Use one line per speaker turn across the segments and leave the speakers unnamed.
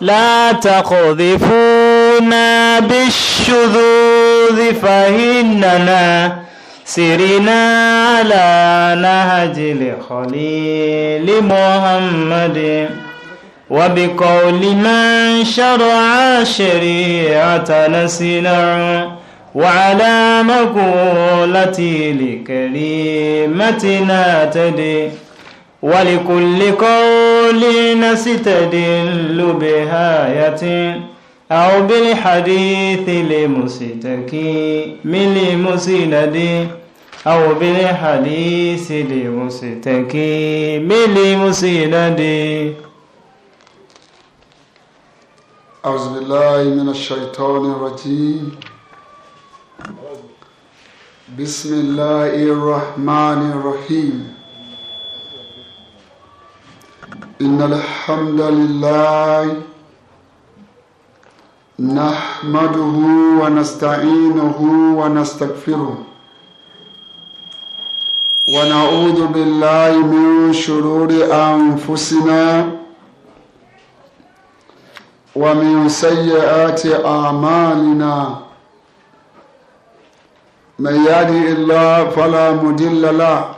لا تقذفونا بالشذوذ فإننا سرنا على نهج الخليل محمد وبقول من شرع شريعة نسنع وعلى مقولتي لكلمتنا تدي ولكل قول نستدل بآية أو بالحديث لمستكي من لمسند أو بالحديث لمستكي من لمسند
أعوذ بالله من الشيطان الرجيم بسم الله الرحمن الرحيم إن الحمد لله نحمده ونستعينه ونستغفره ونعوذ بالله من شرور أنفسنا ومن سيئات أعمالنا من يهده الله فلا مضل له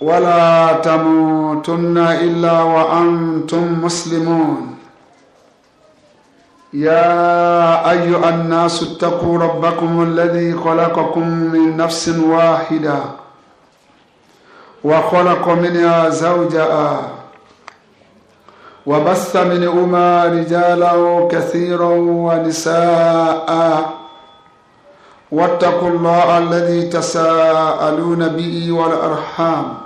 ولا تموتن الا وانتم مسلمون يا ايها الناس اتقوا ربكم الذي خلقكم من نفس واحده وخلق منها زوجها وبث منهما رجالا كثيرا ونساء واتقوا الله الذي تساءلون به والارحام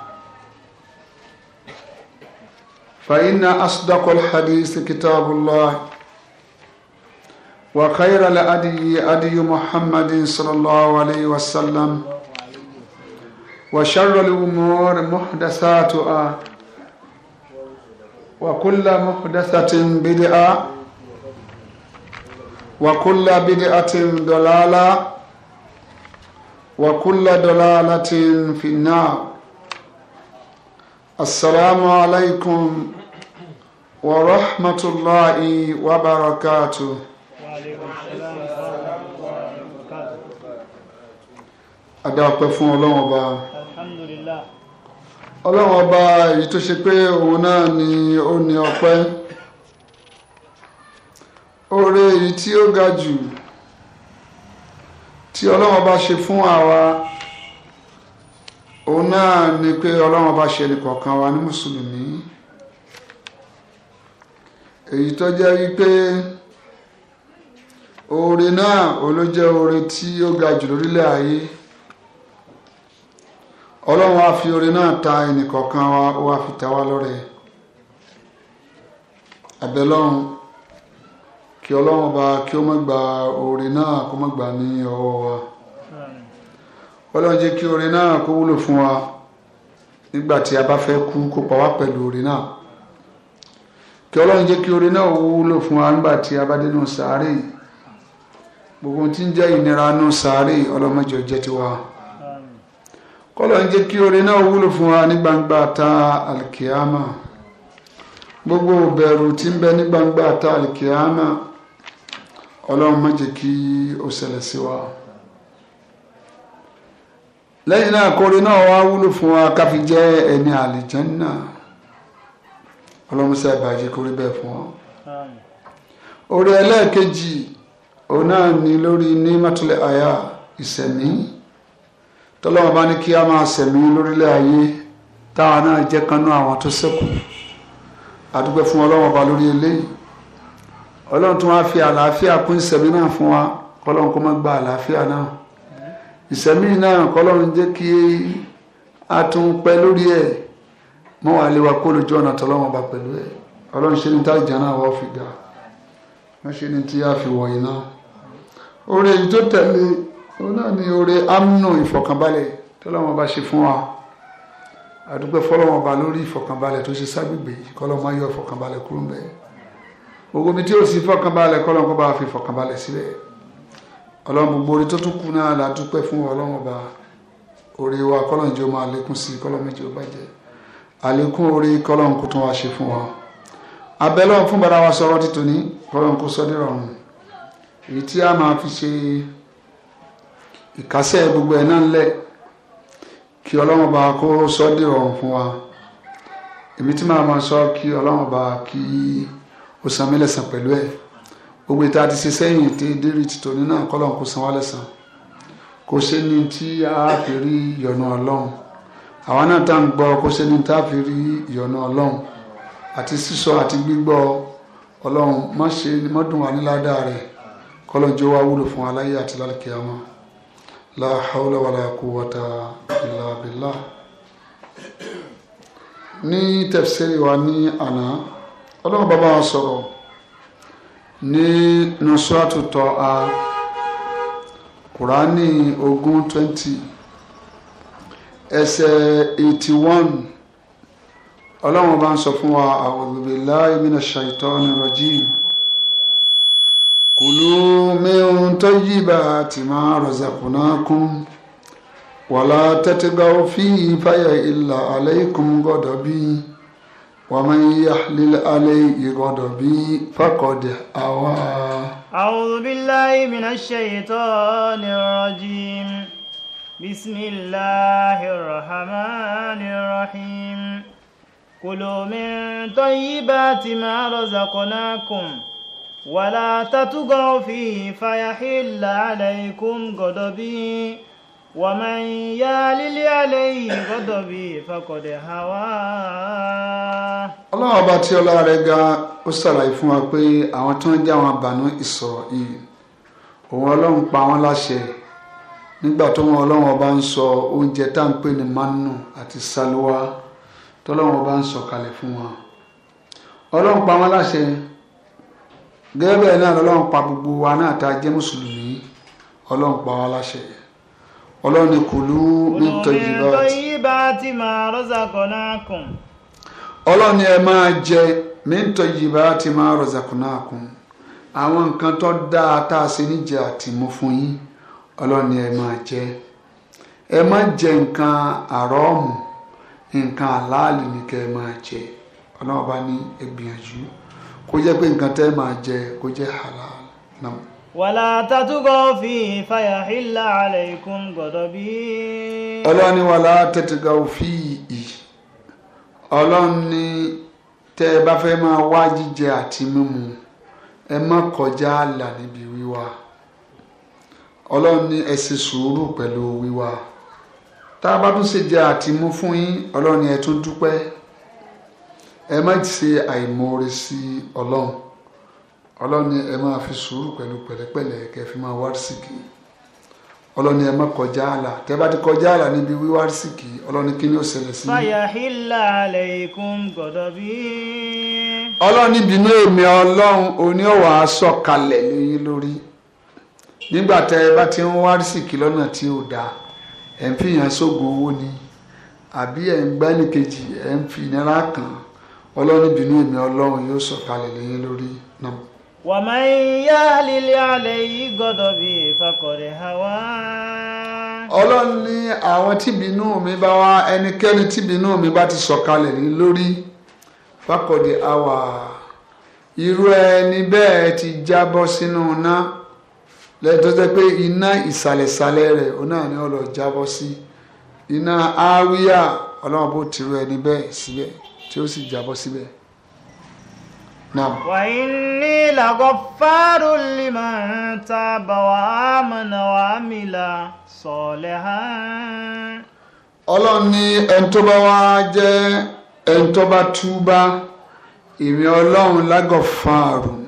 فإن أصدق الحديث كتاب الله وخير الأدي أدي محمد صلى الله عليه وسلم وشر الأمور محدثاتها وكل محدثة بدعة وكل بدعة ضلالة وكل ضلالة في النار السلام عليكم ورحمة الله وبركاته adáwọ̀pẹ́ fún ọlọ́run ọba alhamdulillah ọlọ́run ọba èyí tó ṣe pé òun náà ni ó ní ọpẹ́ oore èyí tí ó ga jù tí ọlọ́run ọba ṣe fún àwa òun náà ni pé ọlọ́run ọba ṣe ẹnìkọ̀ọ̀kan wa ní mùsùlùmí èyí tó jẹ́ wípé oore náà olójẹ́ oore tí ó ga jù lórílẹ̀ ayé ọlọ́run á fi oore náà ta ẹnìkọ̀ọ̀kan wa ó wá fi ta wá lọ́rẹ àbẹ̀lọ́run kí ọlọ́run ọba kí ó má gba oore náà kó má gbà ní ọwọ́ wa ọlọ́run jẹ́ kí oore náà kó wúlò fún wa nígbà tí a bá fẹ́ kú kó pa wá pẹ̀lú oore náà kí ọlọ́run jẹ́ kí oore náà wúlò fún wa nígbà tí a bá dé nù sàárè gbogbo tí ń jẹ́ ìnira nù sàárè ọlọ́mọjọ jẹ́ tiwa kọ́lọ́run jẹ́ kí oore náà wúlò fún wa ní gbangba ta alkiyama gbogbo bẹ̀rù tí ń bẹ ní gbangba ta alkiyama ọlọ́run kí ó ṣẹlẹ̀ sí wa lẹ́yìn náà kóore náà wá wúlò fún wa ká jẹ́ ẹni àlìjànnà náà ọlọ́múṣẹ́ àbájẹ́ kó rí bẹ́ẹ̀ fún wọn. orí ẹlẹ́ẹ̀kejì òun náà ni lórí ní mọ́tòlẹ́ àyà ìsẹ̀mí tọ́lọ́wọ́n bá ní kí a máa sẹ̀mí lórílẹ̀ ayé táwa náà jẹ́ kanú àwọn tó ṣẹ́kù àdúgbò fún ọlọ́wọ́n bá lórí eléyìí ọlọ́run tún wáá fi àlàáfíà kún ìsẹ̀mí náà fún wa kọ́lọ́run kó má gba àlàáfíà náà ìsẹ̀mí náà kọ́lọ́run jẹ́ kí a tún pẹ́ lórí ẹ̀ mo wàá lé wa kó lójú ọ̀nà tọ́lọ́wọ́n bá pẹ̀lú ẹ̀ ọlọ́run ṣe ní tájà náà wọ́n fi ga wọ́n ṣe ní tí a fi wọ̀nyí náà oore èyí tó tẹ̀lé òun náà ni oore amúnú ìfọ̀kànbalẹ̀ tọ́lọ́wọ́n bá ṣe fún wa àdúgbò fọlọ́wọ́n bá lórí ìfọ̀kànbalẹ̀ tó ṣe ságbègbè kọ́lọ́wọ́n máa ìfọ̀kànbalẹ̀ kúrò mbẹ́ mi tí ó sì fọ̀kànbalẹ̀ fi ìfọ̀kànbalẹ̀ sílẹ̀ àlékún orí kọ́lọ́n kó tún wá ṣe fún wa abẹ́lọ́n fún bàrà wa sọ̀rọ̀ títò ní kọ́lọ́n kó sọ nírọ̀rùn èyí tí a máa fi ṣe ìkásẹ̀ gbogbo ẹ̀ náà ńlẹ̀ kí ọlọ́run bá kó sọ nírọ̀rùn fún wa èmi tí màá máa sọ kí ọlọ́run bá kí ó san mí lẹ́sàn pẹ̀lú ẹ̀ gbogbo ìta ti ṣe sẹ́yìn ètè dérí títò ní náà kọ́lọ́n kó san wá lẹ́sàn kó ṣe ní tí a fi rí ìyọ́nú ọlọ́run àwọn náà tá à ń gbọ́ kó sẹ́ni tá a fi rí ìyọ́nú ọlọ́run àti sísọ àti gbígbọ́ ọlọ́run má ṣe má dùn wá níládàá rẹ̀ kọ́lọ́n jẹ́ wúlò fún aláyé àti lálùkẹ́ àmọ́ la hawla wala quwwata illa billah. ní tafsiri wa ní àná ọlọ́run bàbá wa sọ̀rọ̀ ní nusratu tọ́ a kùránì ogún twenty ẹsẹ̀ eighty one ọlọ́run bá ń sọ fún wa a'udhu billahi minash shaitani rajim kulu min tayyibati ma razaqnakum wala tatghaw fihi fayahilla alaykum ghadabi wa man yahlil alayhi ghadabi faqad awa. a'udhu billahi minash shaitani
rajim. بسم الله الرحمن الرحيم كلوا من طيبات ما رزقناكم ولا تطغوا فيه فيحل عليكم غضبي ومن يعلل عليه غضبي فقد هواه
ọlọ́run ọba tí ọlá rẹ̀ ga ó ṣàlàyé fún wa pé àwọn tó ń já wọn bànú Ísírẹ́lì òun ọlọ́run pa wọ́n láṣẹ nígbà tó wọn ọlọ́run ọba ń sọ oúnjẹ tá ń pè ní manu àti saluwa tọ́lọ́run ọba ń sọ kalẹ̀ fún wọn ọlọ́run pa wọn láṣẹ gẹ́gẹ́ bẹ́ẹ̀ náà lọ́lọ́run pa gbogbo wa náà tá a jẹ́ mùsùlùmí ọlọ́run pa wa láṣẹ ọlọ́run ní kùlú ní tayyibati
ma razaqnakum
ọlọ́run ni ẹ máa jẹ min tayyibati ma razaqnakum àwọn nǹkan tó dáa tá a ṣe níjẹ àtìmọ́ fún yín ọlọ́run ni ẹ máa jẹ ẹ má jẹ nǹkan àrọ́ọ̀mù nǹkan àláàlì ni kẹ́ ẹ máa jẹ ọlọ́run bá ní ẹ gbìyànjú kó jẹ́ pé nǹkan tẹ́ máa jẹ kó jẹ́ halal náà.
wàlá tàtúgọ́ fi fàyà hílà alaykum gbọ́dọ̀ bí.
ọlọ́run wàlá tàtúgọ́ fi ì ọlọ́run tẹ́ ẹ bá fẹ́ máa wá jíjẹ àti mímu ẹ má kọjá àlà níbi wíwá ọlọ́run ní ẹ sùúrù pẹ̀lú wíwá tá a bá tún ṣe jẹ àtìmú fún yín ọlọ́run ẹ tún dúpẹ́ ẹ má ṣe àìmoore sí ọlọ́run ọlọ́run ẹ máa fi sùúrù pẹ̀lú pẹ̀lẹ́pẹ̀lẹ́ kẹ́ fi máa wárísìkì ọlọ́run ẹ má kọjá àlà tẹ́ bá ti kọjá àlà níbi wíwárísìkì ọlọ́run kí ni ó ṣẹlẹ̀ sí.
fayahila aleikum gbọdọ bí.
ọlọ́run ní èmi ọlọ́run oní ọ̀wà aṣọ lórí nígbà tẹ ẹ bá ti ń wá rìsìkì lọ́nà tí ò dáa ẹ̀ ń fìyàn sógun owó ni àbí ẹ̀ ń gbá ẹ̀ ń fi ìnira kan ọlọ́run èmi ọlọ́run yóò sọ̀kalẹ̀ lẹ́yìn lórí náà.
wà á máa ń yá lílé alẹ́ yìí gbọ́dọ̀ bí ìfakọ̀rẹ̀ hawa.
ọlọ́run ní àwọn tìbínú mi bá wá ẹnikẹ́ni tìbínú mi bá ti sọ̀kalẹ̀ lẹ́yìn lórí fakọ̀dẹ̀ hawa irú ẹni bẹ́ẹ̀ ti jábọ́ sínú náà lẹ́yìn tó jẹ́ pé iná ìsàlẹ̀sàlẹ̀ rẹ̀ òun náà ni ó lọ jábọ́ sí iná áwíyà ọlọ́run bó tìrú ẹni bẹ́ẹ̀ síbẹ̀ tí ó sì jábọ́ síbẹ̀.
wa inni lagaffarun liman taba wa amana wa amila salihan.
ọlọ́run ní ẹni tó bá wá jẹ́ ẹni tó bá túbá ìrìn ọlọ́run lágọ̀fàrùn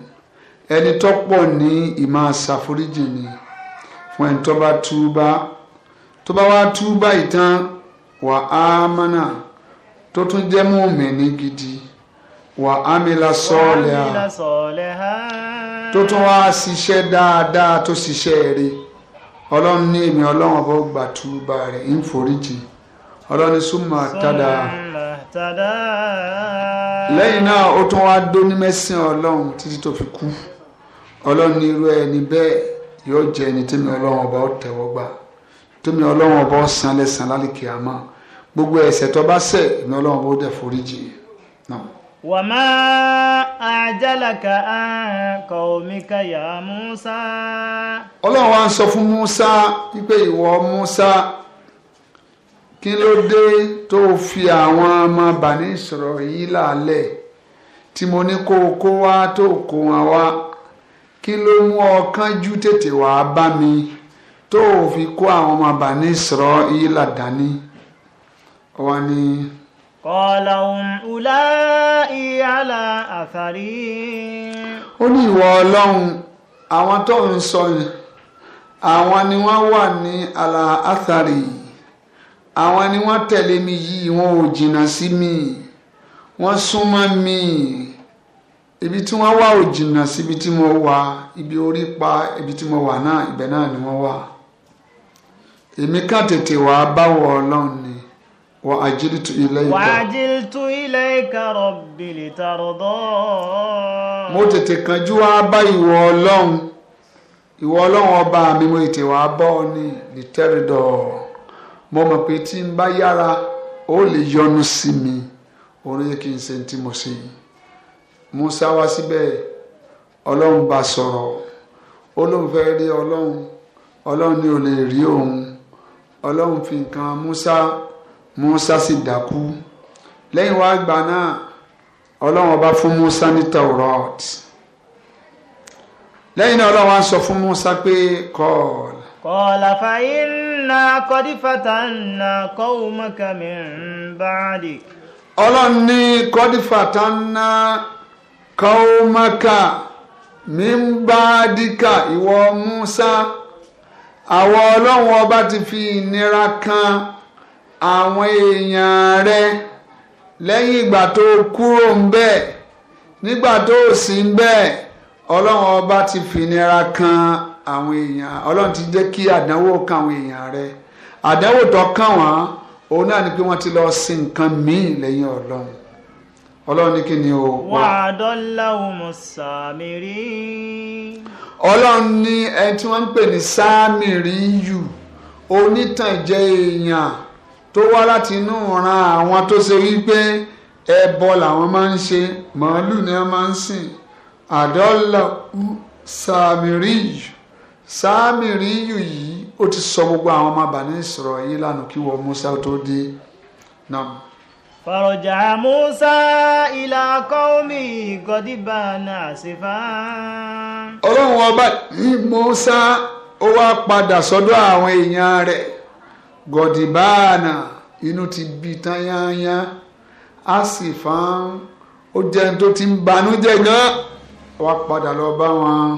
ẹni tó pọ̀ ní ìmọ̀ ṣàforíjì ni fún ẹni tó bá túbá tó bá wá túbá ìtàn wà á mánà tó tún jẹ́ mùmínì gidi wà á mila sọ́ọ̀lẹ̀ ha tó tún wá ṣiṣẹ́ dáadáa tó ṣiṣẹ́ rere ọlọ́run ní èmi ọlọ́run ọba gbà túbá rẹ̀ ń foríjì ọlọ́run súnmọ́ àtàdá lẹ́yìn náà ó tún wá dó ní mẹ́sìn ọlọ́run títí tó fi kú ọlọ́run ní irú ẹni bẹ́ẹ̀ yóò jẹ́ ẹni tẹ́mi ọlọ́run ọba ó tẹ̀wọ́ gbà tẹ́mi ọlọ́run ọba ó san lẹ́san lálìkè àmọ́ gbogbo ẹ̀ṣẹ̀ tó bá ṣẹ̀ ẹ̀mi ọlọ́run ọba ó dẹ̀ foríjì náà.
wàmà àjálàkà àǹkà omíkà yà Musa.
ọlọ́run wa ń sọ fún Musa wípé ìwọ Musa kí ló dé tó fi àwọn ọmọ bàní sọ̀rọ̀ yìí lálẹ́ tí mo ní kó o kó wá tó kó wọn wá kí ló mú ọkàn jú tètè wàá bá mi tó o fi kó àwọn ọmọ Bani Israila dání wọn ni.
kọ́lá òun ulá ìyálà àtàrí.
ó ní ìwọ ọlọ́run àwọn tó ń sọ yẹn àwọn ni wọ́n wà ní àlà àtàrí àwọn ni wọ́n tẹ̀lé mi yìí wọn ò jìnnà sí mi wọ́n súnmọ́ mi ibi tí wọ́n wà ò jìnnà síbi tí mo wà ibi orí pa ibi tí mo wà náà ibẹ̀ náà ni wọ́n wà èmi ká tètè wá báwọ̀ ọlọ́run ni wà á tu ilé ìka. wà á tu ilé ìka rọ̀bì lè tàrọ̀dọ́. mo tètè kanjú wá bá ìwọ ọlọ́run ìwọ ọlọ́run ọba mi mo tètè wá bọ́ ọ ní lìtẹ́rìdọ̀ mo mọ̀ pé tí n bá yára ó lè yọnu sí mi òun kí n ṣe tí mo ṣe yìí Musa wá síbẹ̀ ọlọ́run bá sọ̀rọ̀ ó lóun fẹ́ rí ọlọ́run ọlọ́run ni ò lè rí òun ọlọ́run fi nǹkan Musa Musa sì dákú lẹ́yìn wá gbà náà ọlọ́run ọba fún Musa ní Taurat lẹ́yìn náà ọlọ́run wá sọ fún Musa pé kọ́ọ̀l. kọ́ọ̀lá
fàyín na kọ́dífàtà náà kọ́ òun mọ́kàmí ń bá a
dì. ọlọ́run ní kọ́dífàtà náà. kọ́ọ́mọ́kà mímbàdíkà ìwọ Musa awọ ọlọ́run ọba ti fi ìnira kan àwọn èèyàn rẹ lẹ́yìn ìgbà tó kúrò ń nígbà tó sì ń bẹ̀ ọlọ́run ọba ti fi ìnira kan àwọn èèyàn ọlọ́run ti jẹ́ kí àdánwò kan àwọn èèyàn rẹ àdánwò tó kàn wọ́n òun náà ni pé ti lọ nǹkan míì lẹ́yìn ọlọ́run ní kí ni o. wà
á dọ́là òmù sàmìrì.
ọlọ́run ní ẹni tí wọ́n ń pè ní sàmìrì yù onítànjẹ èèyàn tó wá láti inú ran àwọn tó ṣe wípé ẹbọ làwọn máa ń ṣe màálù ni wọ́n máa ń sìn àdọ́là sàmìrì yù sàmìrì yù yìí ó ti sọ gbogbo àwọn ọmọ Bani Israili lánàá kí wọ́n Musa tó dé náà.
فرجع موسى إلى قومه غضبان آسفا.
ọlọ́run ọba yìí Musa ó wá padà sọ́dọ̀ àwọn èèyàn rẹ̀ gọ̀dìbáànà inú ti bí tán yányá á sì fán ó jẹ́ tó ti ń banújẹ́ gan ó wá padà lọ bá wọn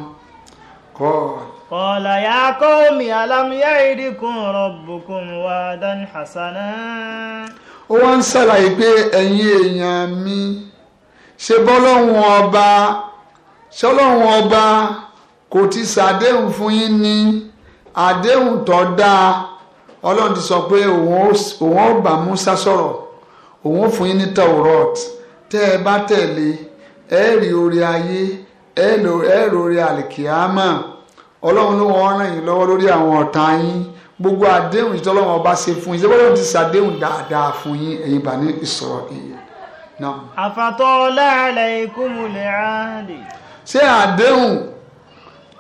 kọ́ ọ. قال يا قوم ألم
يعدكم ربكم وعدا ó wá ń ṣàlàyé pé
ẹ̀yin èèyàn mi ṣe bọ́lọ́hún ọba ṣọlọ́hún ọba kò ti ṣàdéhùn fún yín ní àdéhùn tó dáa ọlọ́run ti sọ pé òun ó bá Musa sọ̀rọ̀ òun ó fún yín ní Taurat tẹ́ ẹ bá tẹ̀lé ẹ rí orí ayé ẹ rí orí àlìkìámà ọlọ́run ló wọ́n ràn yín lọ́wọ́ lórí àwọn ọ̀tá yín gbogbo àdéhùn ìtọ́lọ́wọ́n ọba ṣe fún yín ṣẹ́gbọ́n ti ṣàdéhùn dáadáa fún yín ẹ̀yin bà ní ìsọ̀rọ̀ ìyẹn.
àfàtọ́ láàlẹ̀ ikú mu lè ráàdì.
ṣé àdéhùn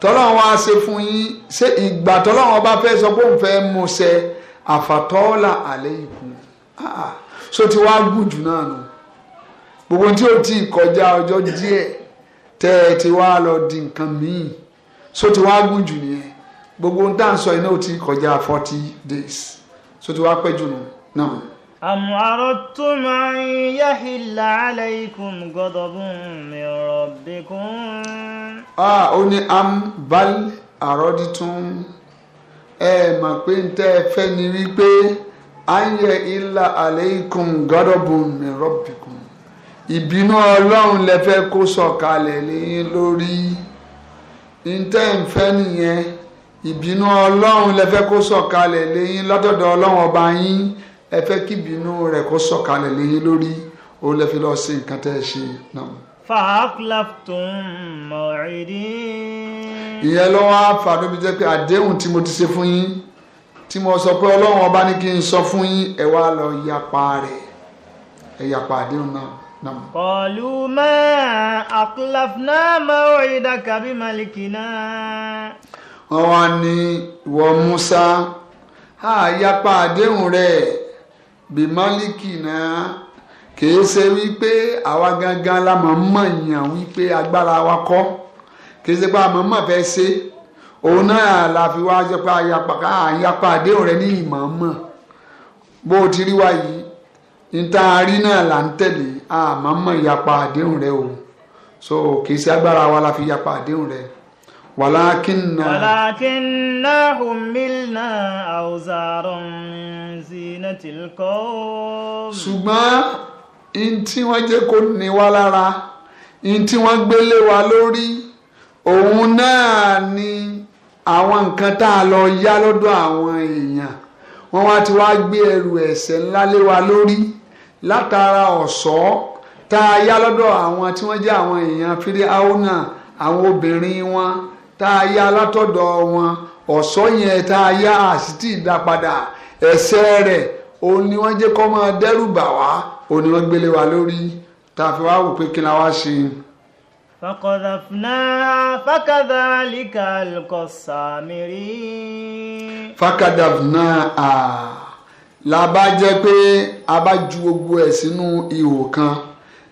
tọ́lọ́wọ́n wá ṣe fún yín ṣé ìgbà tọ́lọ́wọ́n ọba fẹ́ sọ pé òun fẹ́ mú ṣẹ àfàtọ́ láàlẹ̀ ikú so ti wá gùn jù náà nù gbogbo tí o ti kọjá ọjọ́ díẹ̀ tẹ́ ẹ ti wá lọ di nǹkan míì so ti wá gùn jù nìyẹn gbogbo ń dá ń sọ iná ti kọjá forty days so ti wá pẹ́ jù nù náà.
am aradtum an yahilla alaykum ghadabun min
rabbikum. a ó ní am bal aradtum ẹ mà pé ń tẹ́ ẹ fẹ́ ni wípé an yahilla alaykum ghadabun min rabbikum ìbínú ọlọ́run lẹ fẹ́ kó sọ̀kalẹ̀ lẹ́yìn lórí ń tẹ́ ń fẹ́ nìyẹn ìbínú ọlọ́run lẹ fẹ́ kó sọ̀kalẹ̀ lẹ́yìn látọ̀dọ̀ ọlọ́run ọba yín ẹ fẹ́ kí ìbínú rẹ̀ kó sọ̀kalẹ̀ lẹ́yìn lórí ó lẹ fi lọ sí nǹkan tẹ́ ẹ ṣe náà.
fàákùláftún mọ̀ọ́ìdì.
ìyẹn ló wá fàdó mi jẹ́ pé àdéhùn tí mo ti ṣe fún yín tí mo sọ pé ọlọ́run ọba ní kí n sọ fún yín ẹ wá lọ yapa rẹ̀ ẹ yapa àdéhùn náà. نعم قالوا ما أخلفنا
موعدك بملكنا
wọ́n wá ní ìwọ Musa á yapa àdéhùn rẹ̀ bímọ́líkì náà kìí ṣe wípé àwa gangan la mọ̀ mọ̀ yàn wípé agbára wa kọ́ kìí ṣe pé àmọ́ mọ̀ fẹ́ ṣe òun náà la fi wá jẹ́ pé àyapa àdéhùn rẹ̀ ní ìmọ̀ mọ̀ bó o ti rí wa yìí ntaari náà là ń tẹ̀lé àmọ́ mọ̀ ìyapa àdéhùn rẹ̀ o so kìí ṣe agbára wa la fi yapa àdéhùn rẹ̀. ولكننا ولكننا حملنا
أوزارا من زينة القوم
ṣùgbọ́n in وجهكني wọ́n jẹ́ kó ní wa lára in tí wọ́n gbélé wa lórí òun náà ni àwọn nǹkan tá a lọ yá lọ́dọ̀ àwọn èèyàn wọ́n wá ti wá gbé ẹrù ẹ̀ṣẹ̀ ńlá lé wa lórí látara ọ̀ṣọ́ tá a yá lọ́dọ̀ àwọn tí wọ́n jẹ́ àwọn èèyàn fírí àwọn obìnrin wọn tá a yá látọ̀dọ̀ wọn ọ̀ṣọ́ yẹn tá a yá àsìtì ìdápadà ẹ̀ṣẹ̀ rẹ̀ òun ni wọ́n jẹ́ kọ́ máa dẹ́rù bà wá òun ni wọ́n gbélé wa lórí tá a fi wá wò pé kí la wá ṣe.
فقذفناها فكذلك
la bá jẹ́ pé a bá ju gbogbo ẹ̀ sínú ihò kan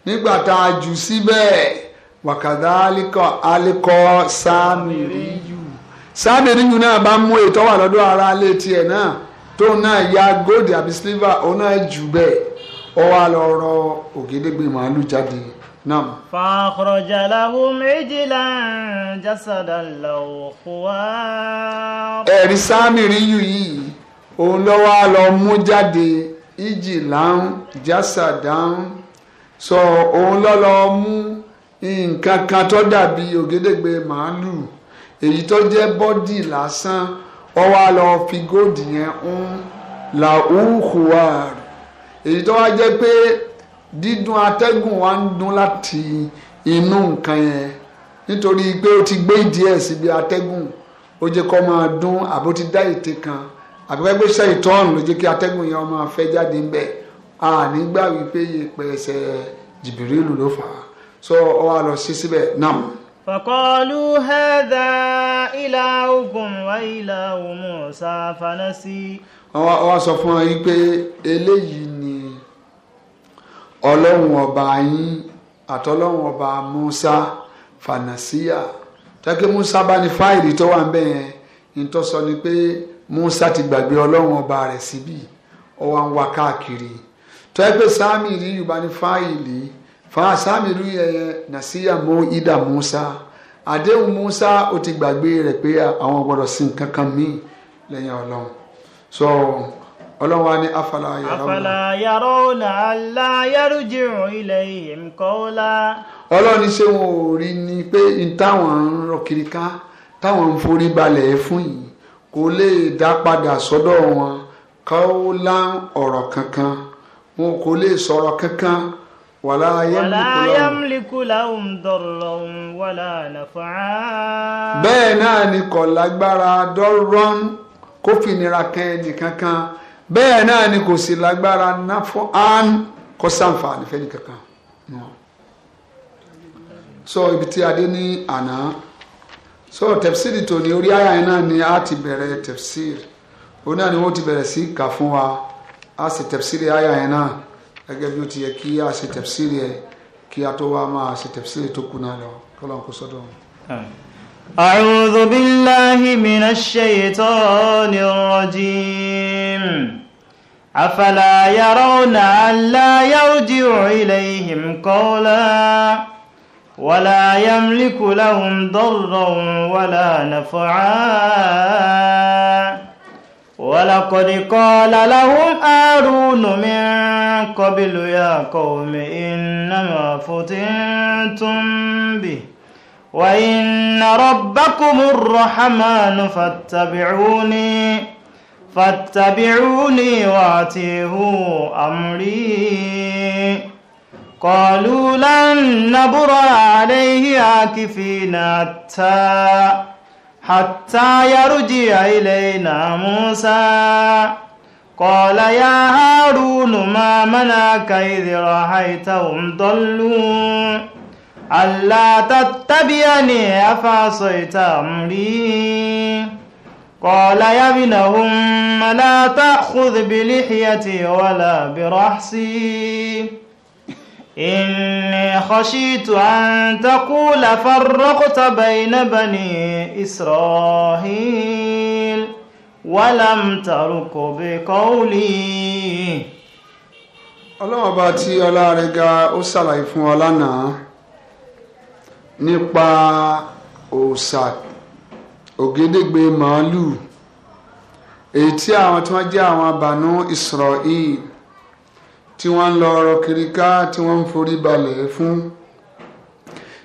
nígbà tá a jù síbẹ̀ wàkàdálíkọ alikọ sáàmìríyù sáàmìríyù náà bá mú ètò wà lọ́dọ̀ ara létí ẹ̀ náà tóun náà ya gold àbí silver òun náà jù bẹ́ẹ̀ ó wá lọ rọ ògédégbé màálù jáde náà.
fàkọrọjà làwọn méjìlá jásàdà lọ́wọ́ wá.
ẹ̀rí sáàmìríyù yìí òun ló wá lọ mú jáde ìjìlá jásàdà sọ òun ló lọ mú. So, nǹkan kan tó dàbí ògédègbè màálù èyí tó jẹ́ bọ́dì lásán ó wá lọ fi góòdì yẹn ń la uhuwar èyí tó wá jẹ́ pé dídùn atẹ́gùn wa ń dún láti inú nǹkan yẹn nítorí pé ó ti gbé díẹ̀ síbi atẹ́gùn ó jẹ́ kó máa dún àbó ti dá ète kan àbíkẹ́ pé ṣe ìtọ́rùn ló jẹ́ kí atẹ́gùn yẹn máa fẹ́ jáde ń bẹ̀ àní gbà wípé yèpẹ̀ ẹsẹ̀ jìbìrìlù ló fà á so ọ wá lọ sí síbẹ̀ náà.
فقالوا هذا إلهكم وإله موسى فنسي.
àwọn àwọn sọ fún wọn yìí pé eléyìí ni ọlọ́run ọba yín àtọ́lọ́run ọba Musa fanasiya tẹ́kí Musa bá ní fáìlì tó wà ń bẹ̀ yẹn ní tó sọ ni pé Musa ti gbàgbé ọlọ́run ọba rẹ̀ síbí ó wá ń káàkiri tọ́ ẹ pé sáàmì rí yorùbá ní fáìlì fa sáà mélòó yẹn nàṣíyà mọ ida Musa àdéhùn Musa ó ti gbàgbé rẹ̀ pé àwọn gbọ́dọ̀ sin kankan míì lẹ́yìn Ọlọ́run so Ọlọ́run wa ní afala yàrá afala
yàrá ọ̀nà aláyàrú jìrùn ilẹ̀ ìmkọ́lá.
Ọlọ́run ní ṣé wọn ò rí ni pé n táwọn ń rọ kiri ká táwọn ń forí balẹ̀ fún yìí kò lè dá padà sọ́dọ̀ wọn kọ́ọ́lá ọ̀rọ̀ kankan wọn kò lè sọ̀rọ̀ kankan. ولا يملك
ولا darran wàlá nafa'a.
bẹ́ẹ̀ náà ni kò lágbára darran kó fìnira kan ẹnì نقول bẹ́ẹ̀ náà ni kò sì lágbára nafa'an kó sàǹfààní fẹ́ni kankan. sọ ibi tí adé ní àná sọ tẹfsiri tó ní orí àyà yẹn náà ni a ti bẹ̀rẹ̀ tẹfsiri òun ni wọ́n ti bẹ̀rẹ̀ sí kà fún wa a sì tẹfsiri àyà yẹn gẹ́gẹ́ bí ó ti yẹ kí a ṣe tẹ̀fsíìrì ẹ̀ kí a tó wá máa ṣe tẹ̀fsíìrì tó kù náà lọ kọ́lọ́n kó sọ́dọ̀ wọn. أعوذ بالله من الشيطان
الرجيم أفلا يرون ألا يرجع إليهم قولا ولا يملك لهم ضرا ولا نفعا ولقد قال لهم آرون من قبل يا قوم إنما فتنتم به وإن ربكم الرحمن فاتبعوني فاتبعوني واتيه أمري قالوا لن نبرأ عليه عاكفين حتى حتى يرجع إلينا موسى قال يا هارون ما منعك إذ رأيتهم ضلوا ألا تتبعني أفعصيت أمري قال يا ابن أم لا تأخذ بلحيتي ولا برأسي إني خشيت أن تقول فرقت بين بني إسرائيل ولم
ترك بقولي ọlọ́run ọba tí ọlá rẹ̀ ga ó ṣàlàyé fún wa lánàá nípa òòṣà ògédégbé màálù èyí tí àwọn tí wọ́n jẹ́ àwọn Banu Israel tí wọ́n ń lọ ọ̀rọ̀ kiri ká tí wọ́n ń forí balẹ̀ fún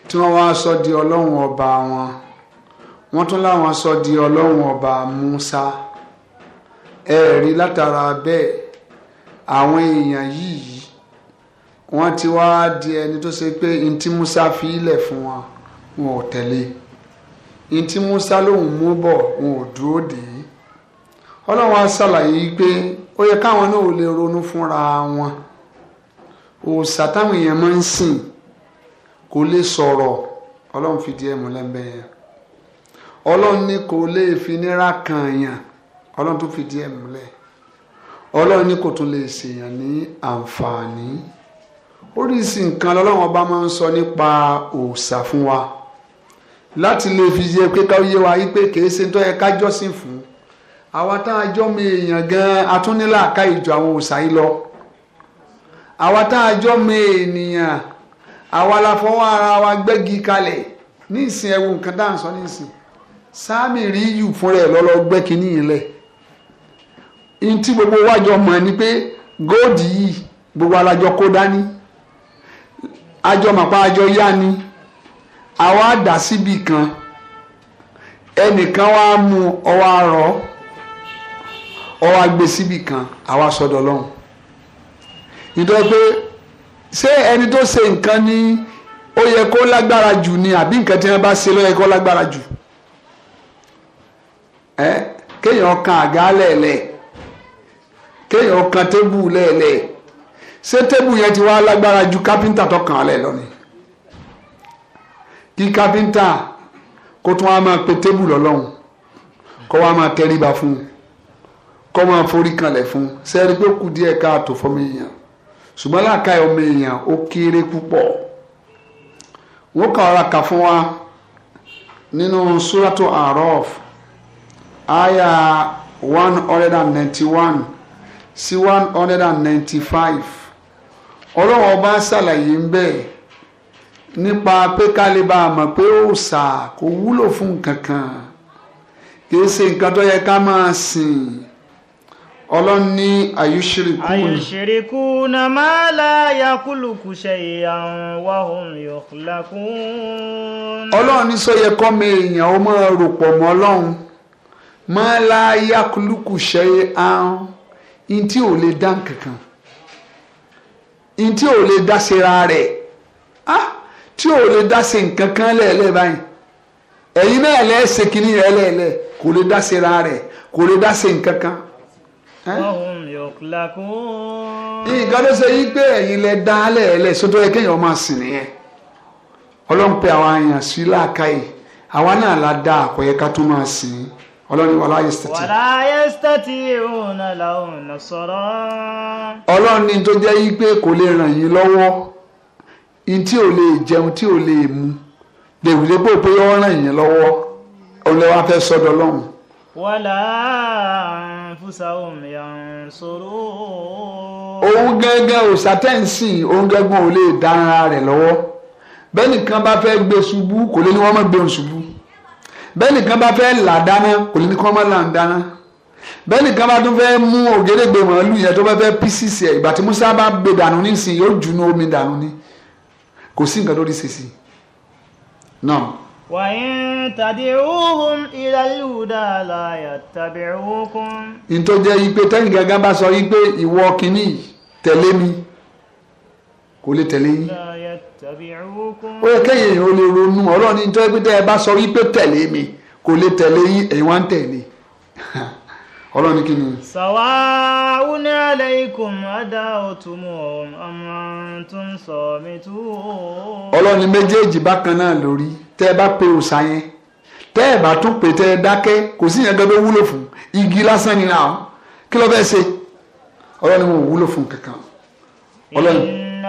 tí wọ́n wá sọ di ọlọ́run ọba wọn wọ́n tún láwọn sọ di ọlọ́run ọba Musa ẹ̀ẹ̀rí látara bẹ́ẹ̀ àwọn èèyàn yìí wọ́n ti wá di ẹni tó ṣe pé ntí Musa fi ilẹ̀ fún wọn wọn ò tẹ̀lé ntí Musa lòun mú bọ̀ wọn ò dúró dè é ọlọ́run á ṣàlàyé pé ó yẹ káwọn náà ò lè ronú fúnra wọn òòṣà táwọn èèyàn máa ń sìn kò lè sọ̀rọ̀ ọlọ́run fìdí ẹ̀ múlẹ̀ ń bẹ̀ yẹn ọlọ́run ní kò lè fi nira kan èèyàn ọlọ́run tó fìdí ẹ̀ múlẹ̀ ọlọ́run ní kò tún lè ṣèyàn ní àǹfààní oríṣi nǹkan lọ́lọ́run ọba máa ń sọ nípa òòṣà fún wa láti lè fi yẹ pé káwé wa yí pé kìí ṣe tó yẹ ká fún àwa tá a jọ́ mi èèyàn gan-an atúnílà ká ìjọ àwọn òòṣà yìí lọ àwa tá a jọ mọ ènìyàn àwa la fọwọ́ ara wa gbẹ́gi kalẹ̀ ní ìsìn ẹ̀wù nǹkan dá à ń sọ ní ìsìn sáàmì rí yù fún rẹ̀ lọ́lọ́ gbẹ́kì ní ilẹ̀ ihun tí gbogbo wa jọ mọ̀ ni pé góòdì yìí gbogbo alájọ kó dání àjọ màpá àjọ yá ni àwa dà síbì kan ẹnìkan wa mú ọwọ́ àárọ̀ ọwọ́ àgbẹ̀ síbì kan àwa sọ̀dọ̀ lọ́hùn nítorí pé ṣé ẹni tó ṣe nǹkan ni ó yẹ kó lágbára jù ni àbí nǹkan tí wọ́n bá ṣe ló yẹ kó lágbára jù ẹ kéèyàn kan àga lẹ́ẹ̀lẹ́ kéèyàn kan tébù lẹ́ẹ̀lẹ́ ṣé tébù yẹn ti wá lágbára ju kápẹ́ńtà tó kàn án lẹ̀ lọ ni kí kápẹ́ńtà kó tún wá máa pe tébù lọ́lọ́run kó wá máa tẹríba fún un kó máa forí kanlẹ̀ fún un ṣe é rí pé kù díẹ̀ káàtó fọ́mìyàn ṣùgbọ́n làákàyè ọmọ èèyàn ó kéré púpọ̀ wọ́n kà ọ́ra kà fún wa nínú suratu Araf aya one hundred and ninety-one sí one hundred and ninety-five ọlọ́wọ́ bá ṣàlàyé ń bẹ̀ nípa pé ká lè bá a mọ̀ pé òòṣà kò wúlò fún nǹkan kì í ṣe nǹkan tó yẹ ká máa sìn ọlọ́run ní àyùṣirikú àyùṣirikú
na máa láyà kúlùkù ṣe ìyàwó wahum yukhlaqun.
ọlọ́run ní sọ yẹ kọ́ mi èèyàn ó máa rò pọ̀ mọ́ ọlọ́run máa láyà kúlùkù ṣe ìyàwó in tí ò lè dá nkankan in tí ò lè dá sera rẹ̀ ah! tí ò lè dá se nkankan lẹ́ẹ̀lẹ́ báyìí ẹ̀yin náà lẹ́ẹ̀ ṣe kínní lẹ́ẹ̀lẹ́ kò lè dá sera rẹ̀ kò lè dá se nkankan
nǹkan
tó ṣe yí pé ẹ̀yin lẹ dá sótó yẹ kéèyàn máa sìn nìyẹn ọlọ́run pé àwọn èèyàn sí àwa náà la dá àpẹyẹ ká tó máa sìn ọlọ́run stati.
ayé òun sọ̀rọ̀.
ọlọ́run ní tó jẹ́ yí pé kò lè ràn yín lọ́wọ́ mu lè wílé pé ràn yín lọ́wọ́
wàlá àǹfùsàhùn yàǹsọ̀rọ̀.
òun gẹ́gẹ́ òṣàtẹ́ǹsìn òun gẹ́gẹ́ ò lè dá ara rẹ̀ lọ́wọ́ bẹ́ẹ̀ nìkan bá fẹ́ gbé ṣubú kò lè ní wọ́n má gbé òun ṣubú bẹ́ẹ̀ nìkan bá fẹ́ là dáná kò lè ní kí wọ́n má là ń dáná bẹ́ẹ̀ nìkan bá tún fẹ́ mú ògèdègbè màálù yẹn tó bá fẹ́ písìsì ẹ̀ ìgbà tí Musa bá gbé dànù nísìnyí yóò jù ní omi dànù ní kò sí nǹkan tó rí ṣèṣì náà
wàyín tàbí ohun ìlàlúdà láyà tàbí ohun.
n tó jẹ́ ipe tẹ́yìn gangan bá sọ wípé ìwọ kìíní tẹ̀lé mi kò lè tẹ̀lé yín. ó yẹ kéèyàn ò lè ronú ọlọ́run ní tó yẹ bá sọ wípé tẹ̀lé mi kò lè tẹ̀lé yín ẹ̀yin wá ń tẹ̀lé ọlọ́run ní kí ni. sàwáwù
ní alaykum adá òtúmọ̀ ọmọ tó ń sọ mi tú.
ọlọ́run ní méjèèjì bákan náà lórí tẹ́ ẹ bá pe òòṣà yẹn tẹ́ ẹ bá tún pè tẹ́ ẹ dákẹ́ kò sí ìyẹn gbọ́dọ̀ wúlò fún igi lásán ni náà kí ló fẹ́ ṣe ọlọ́run ní wọn ò wúlò fún kankan ọlọ́run.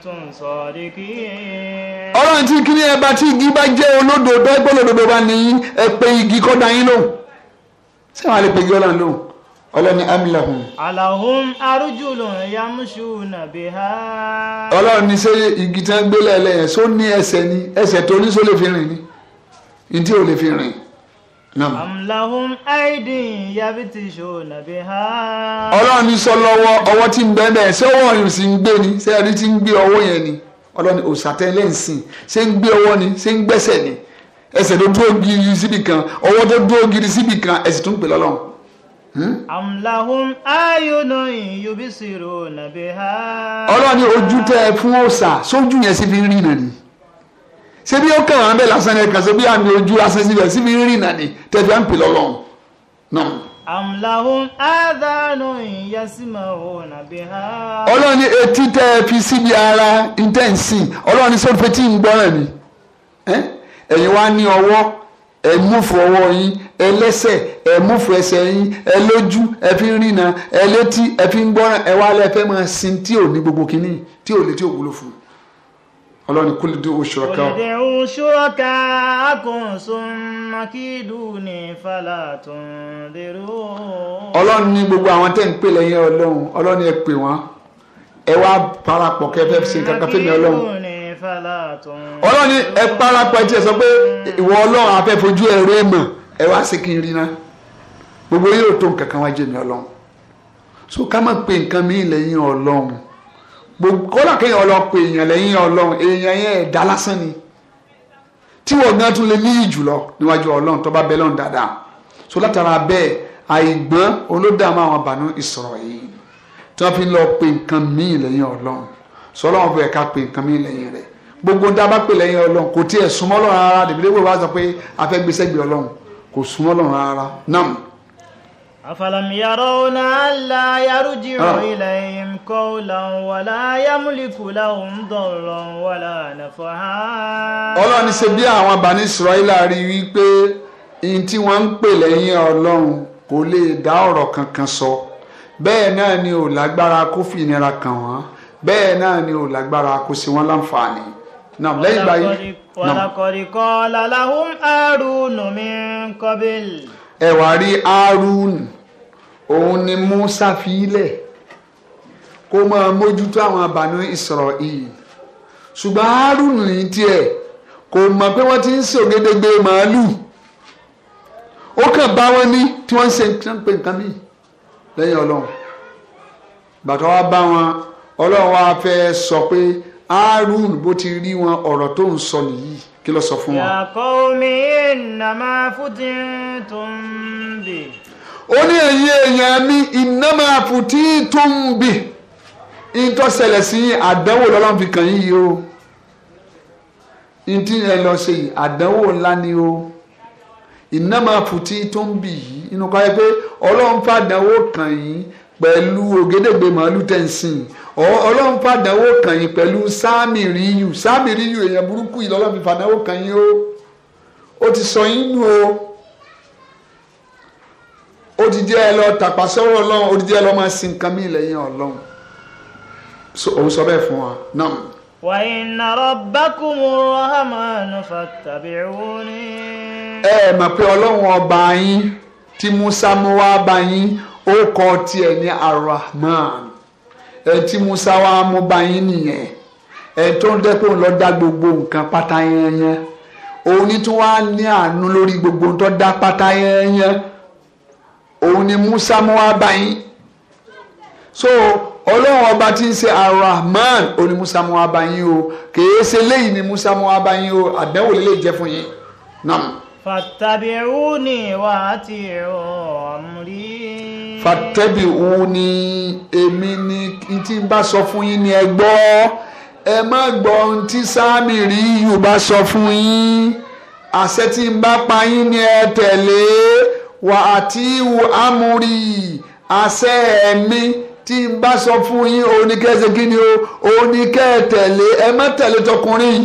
kuntum sadiqin.
ọlọ́run tí kí ni ẹ bá tí igi bá jẹ́ olódodo ẹgbẹ́ bá ní ẹ pé igi kọ́ da yín lóhùn ṣé wàá lè pe igi ọlọ́run lóhùn ọlọ́ni amílẹ̀hùn. àlàhùn
arújùlùn yamṣu nàbíhá.
ọlọ́run ní ṣé igi tí wọ́n gbé lẹ́lẹ́ yẹn ẹsẹ̀ ni ẹsẹ̀ tó ní só fi rìn ni ní ò lè fi rìn am
lahum aydin yabtishuna biha.
ọlọ́run ní sọ lọ́wọ́ ọwọ́ tí ń bẹ́ẹ̀ bẹ́ẹ̀ ṣé ọwọ́ yìí sì ń gbé ni ṣé ẹni tí ń gbé ọwọ́ yẹn ni ọlọ́run ní òṣàtẹ́lẹ̀ ń sìn ṣé ń gbé ọwọ́ ni ṣé ń gbẹ́sẹ̀ ni ẹsẹ̀ tó dúró gidi síbi kan ọwọ́ tó dúró gidi síbi kan ẹsẹ̀ tó ń pè lọ́lọ́run. Hmm? am lahum
ayunun yubsiruna biha.
ọlọ́run ní ojú tẹ fún òòṣà sójú yẹn sì fi ń rìnà ni ṣé bí ó kàn án bẹ́ẹ̀ lásán ni kàn ṣe bí àmì ojú lásán síbẹ̀ síbi rìn náà ni tẹ̀bí à ń pè lọ́lọ́run náà.
àmlàhùn àdánù ìyásímọ̀ ọ̀nà bí ha.
ọlọ́run ní etí tẹ́ ẹ fi síbi ara intensi ọlọ́run ní sọ́dọ̀fẹ́ ń gbọ́ràn ni ẹ̀yin wá ní ọwọ́ ẹ múfù ọwọ́ yín ẹ lẹ́sẹ̀ ẹ múfù ẹsẹ̀ yín ẹ lójú ẹ fi ń rìnà ẹ létí ẹ fi ń gbọ́ràn ẹ wá lẹ́fẹ́ máa sin tí ò ní gbogbo kínní tí ò lè tí fún un ọlọ́ni kúlù dí o ṣuraka. kúlù dí
o ṣuraka akùn summa kiduni fala tundiru.
ọlọ́ni ní gbogbo àwọn tẹ́ ń pè lẹ́yìn ọlọ́run ọlọ́ni ẹ pè wọ́n ẹ wá parapọ̀ kẹfẹ́ ṣe kankan fẹ́mi ọlọ́run. ọlọ́ni ẹ parapọ̀ ẹ tiẹ̀ sọ pé ìwọ ọlọ́run afẹ́fojú ẹ mọ̀ ẹ wá sí kí n rí náà gbogbo yóò tó nǹkan kan wá jẹ́ mi ọlọ́run so ká má pe nǹkan mi lẹ́yìn ọlọ́run kódà kéèyàn lọ pé èèyàn lẹ́yìn ọlọ́run èèyàn yẹn ẹ̀dá lásán ni tí wọ́n gan tún lè ní ìjùlọ níwájú ọlọ́run tó bá bẹ́ lọ́run dáadáa so látara bẹ́ẹ̀ àìgbọ́n olódàmú àwọn Banu Israeli tí wọ́n fi lọ pé nǹkan míì lẹ́yìn ọlọ́run sọlọ́run fẹ́ ká pé nǹkan míì lẹ́yìn rẹ̀ gbogbo tá a bá pè lẹ́yìn ọlọ́run kò tiẹ̀ súnmọ́ ọlọ́run rárá dèbí dèbí wọ́n bá sọ pé afẹ́gbèsẹ́gbè ọlọ́run kò súnmọ́ ọlọ́run rárá náà.
أفلم يرون ألا يرجع إليهم قولا ولا يملك لهم ضرا ولا
نفعا. ọlọ́run ní ṣe bí àwọn àbáni Ísírẹ́lì rí wípé ihun tí wọ́n ń pè lẹ́yìn ọlọ́run kò lè dá ọ̀rọ̀ kankan sọ bẹ́ẹ̀ náà ni ò lágbára kó fi ìnira kàn wọ́n bẹ́ẹ̀ náà ni ò lágbára kó ṣe wọ́n láǹfààní náà lẹ́yìn báyìí.
wàlàkọ̀rìkọ̀ làlàhùn àrùn nùmí kọ́bìlì
ẹ wá rí Harun òun ni Musa fílẹ̀ kó máa mójútó àwọn àbànú Israel ṣùgbọ́n Harun ní tiẹ̀ kò mọ̀ pé wọ́n ti ń ṣe ògédégbé màálù ó kàn bá wọn ní tí wọ́n ń ṣe pé nǹkan mí lẹ́yìn Ọlọ́run bàtà wa bá wọn Ọlọ́run wa fẹ́ sọ pé Harun bó ti rí wọn ọ̀rọ̀ tó ń sọ nìyí kí ló sọ fún wọn. ya
qawmi innama futintum bi.
ó ní ẹ̀yin èèyàn mi innama futintum bi ìtọ́sẹ̀lẹ̀ sí àdánwò lọ́lọ́run fi kàn yín yìí o ntí ẹ lọ ṣe yìí àdánwò ńlá ni o innama futintum bi yìí inú kan yẹ pé ọlọ́run fàdánwò kàn yín pẹ̀lú ògédègbè màálù tẹ̀sìn ọlọ́run fàdánwò kàn yín pẹ̀lú sáàmì ríyù sáàmì ríyù èèyàn burúkú yìí lọ́lọ́run fi fàdánwò kàn yín o ó ti sọ yín nù o ó ti jẹ́ ẹ lọ tàpá sọ́wọ́ ọlọ́run ó ti jẹ́ ẹ lọ máa sin nǹkan mí lẹ́yìn ọlọ́run òun sọ bẹ́ẹ̀ fún wa náà. wa
inna rabbakumu rahmanu fattabi'uni.
ẹ ẹ̀ mọ̀ pé ọlọ́run ọba yín tí Musa mú wá bá yín ó kọ tiẹ̀ ní arahman ẹ̀ tí musa wa mú báyìí nìyẹn ẹ̀ tó ń dẹ́kun lọ dá gbogbo nǹkan pátá yẹn yẹn òun ni tí wàá ní àánú lórí gbogbo tó dá pátá yẹn yẹn òun ni musa mú wa báyìí so ọlọ́run ọba tí ń ṣe arahman òní musa mú abayín o kìí ṣe léyìí ni musa mú abayín o àdánwò lè lè jẹ́ fún yín náà.
fàtàbíyúni wà á ti rọ ọmọ
rí fàtẹ́bì òun ni èmi ni tí n bá sọ fún yín ni ẹ gbọ́ ẹ má gbọ́ ohun tí sáàmì rí yù bá sọ fún yín àṣẹ tí n bá pa yín ni ẹ tẹ̀lé wà àti ìwò amúrí àṣẹ ẹ̀mí tí n bá sọ fún yín oníkẹ́sẹ̀ kí ni o oníkẹ́ tẹ̀lé ẹ má tẹ̀lé tọkùnrin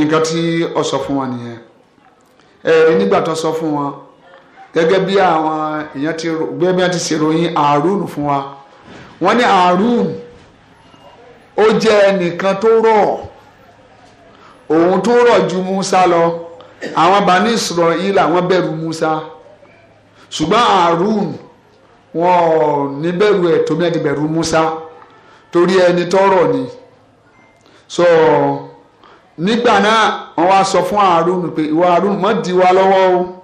nǹkan tí ó sọ fún wọn nìyẹn ẹ̀rí nígbà tó sọ fún wọn gẹ́gẹ́ bí àwọn èèyàn ti gbé bí wọ́n ti ṣe ròyìn àrùn fún wa wọ́n ní àrùn ó jẹ́ ẹnìkan tó rọ̀ òun tó rọ̀ ju Musa lọ àwọn bani Israel àwọn bẹ̀rù Musa ṣùgbọ́n àrùn wọn ò ní bẹ̀rù ẹ̀ tó mẹ́ẹ̀dì bẹ̀rù Musa torí ẹni tọ́rọ̀ ni so nígbà náà wọ́n wá sọ fún àrùn pé ìwọ àrùn mọ́ di wa o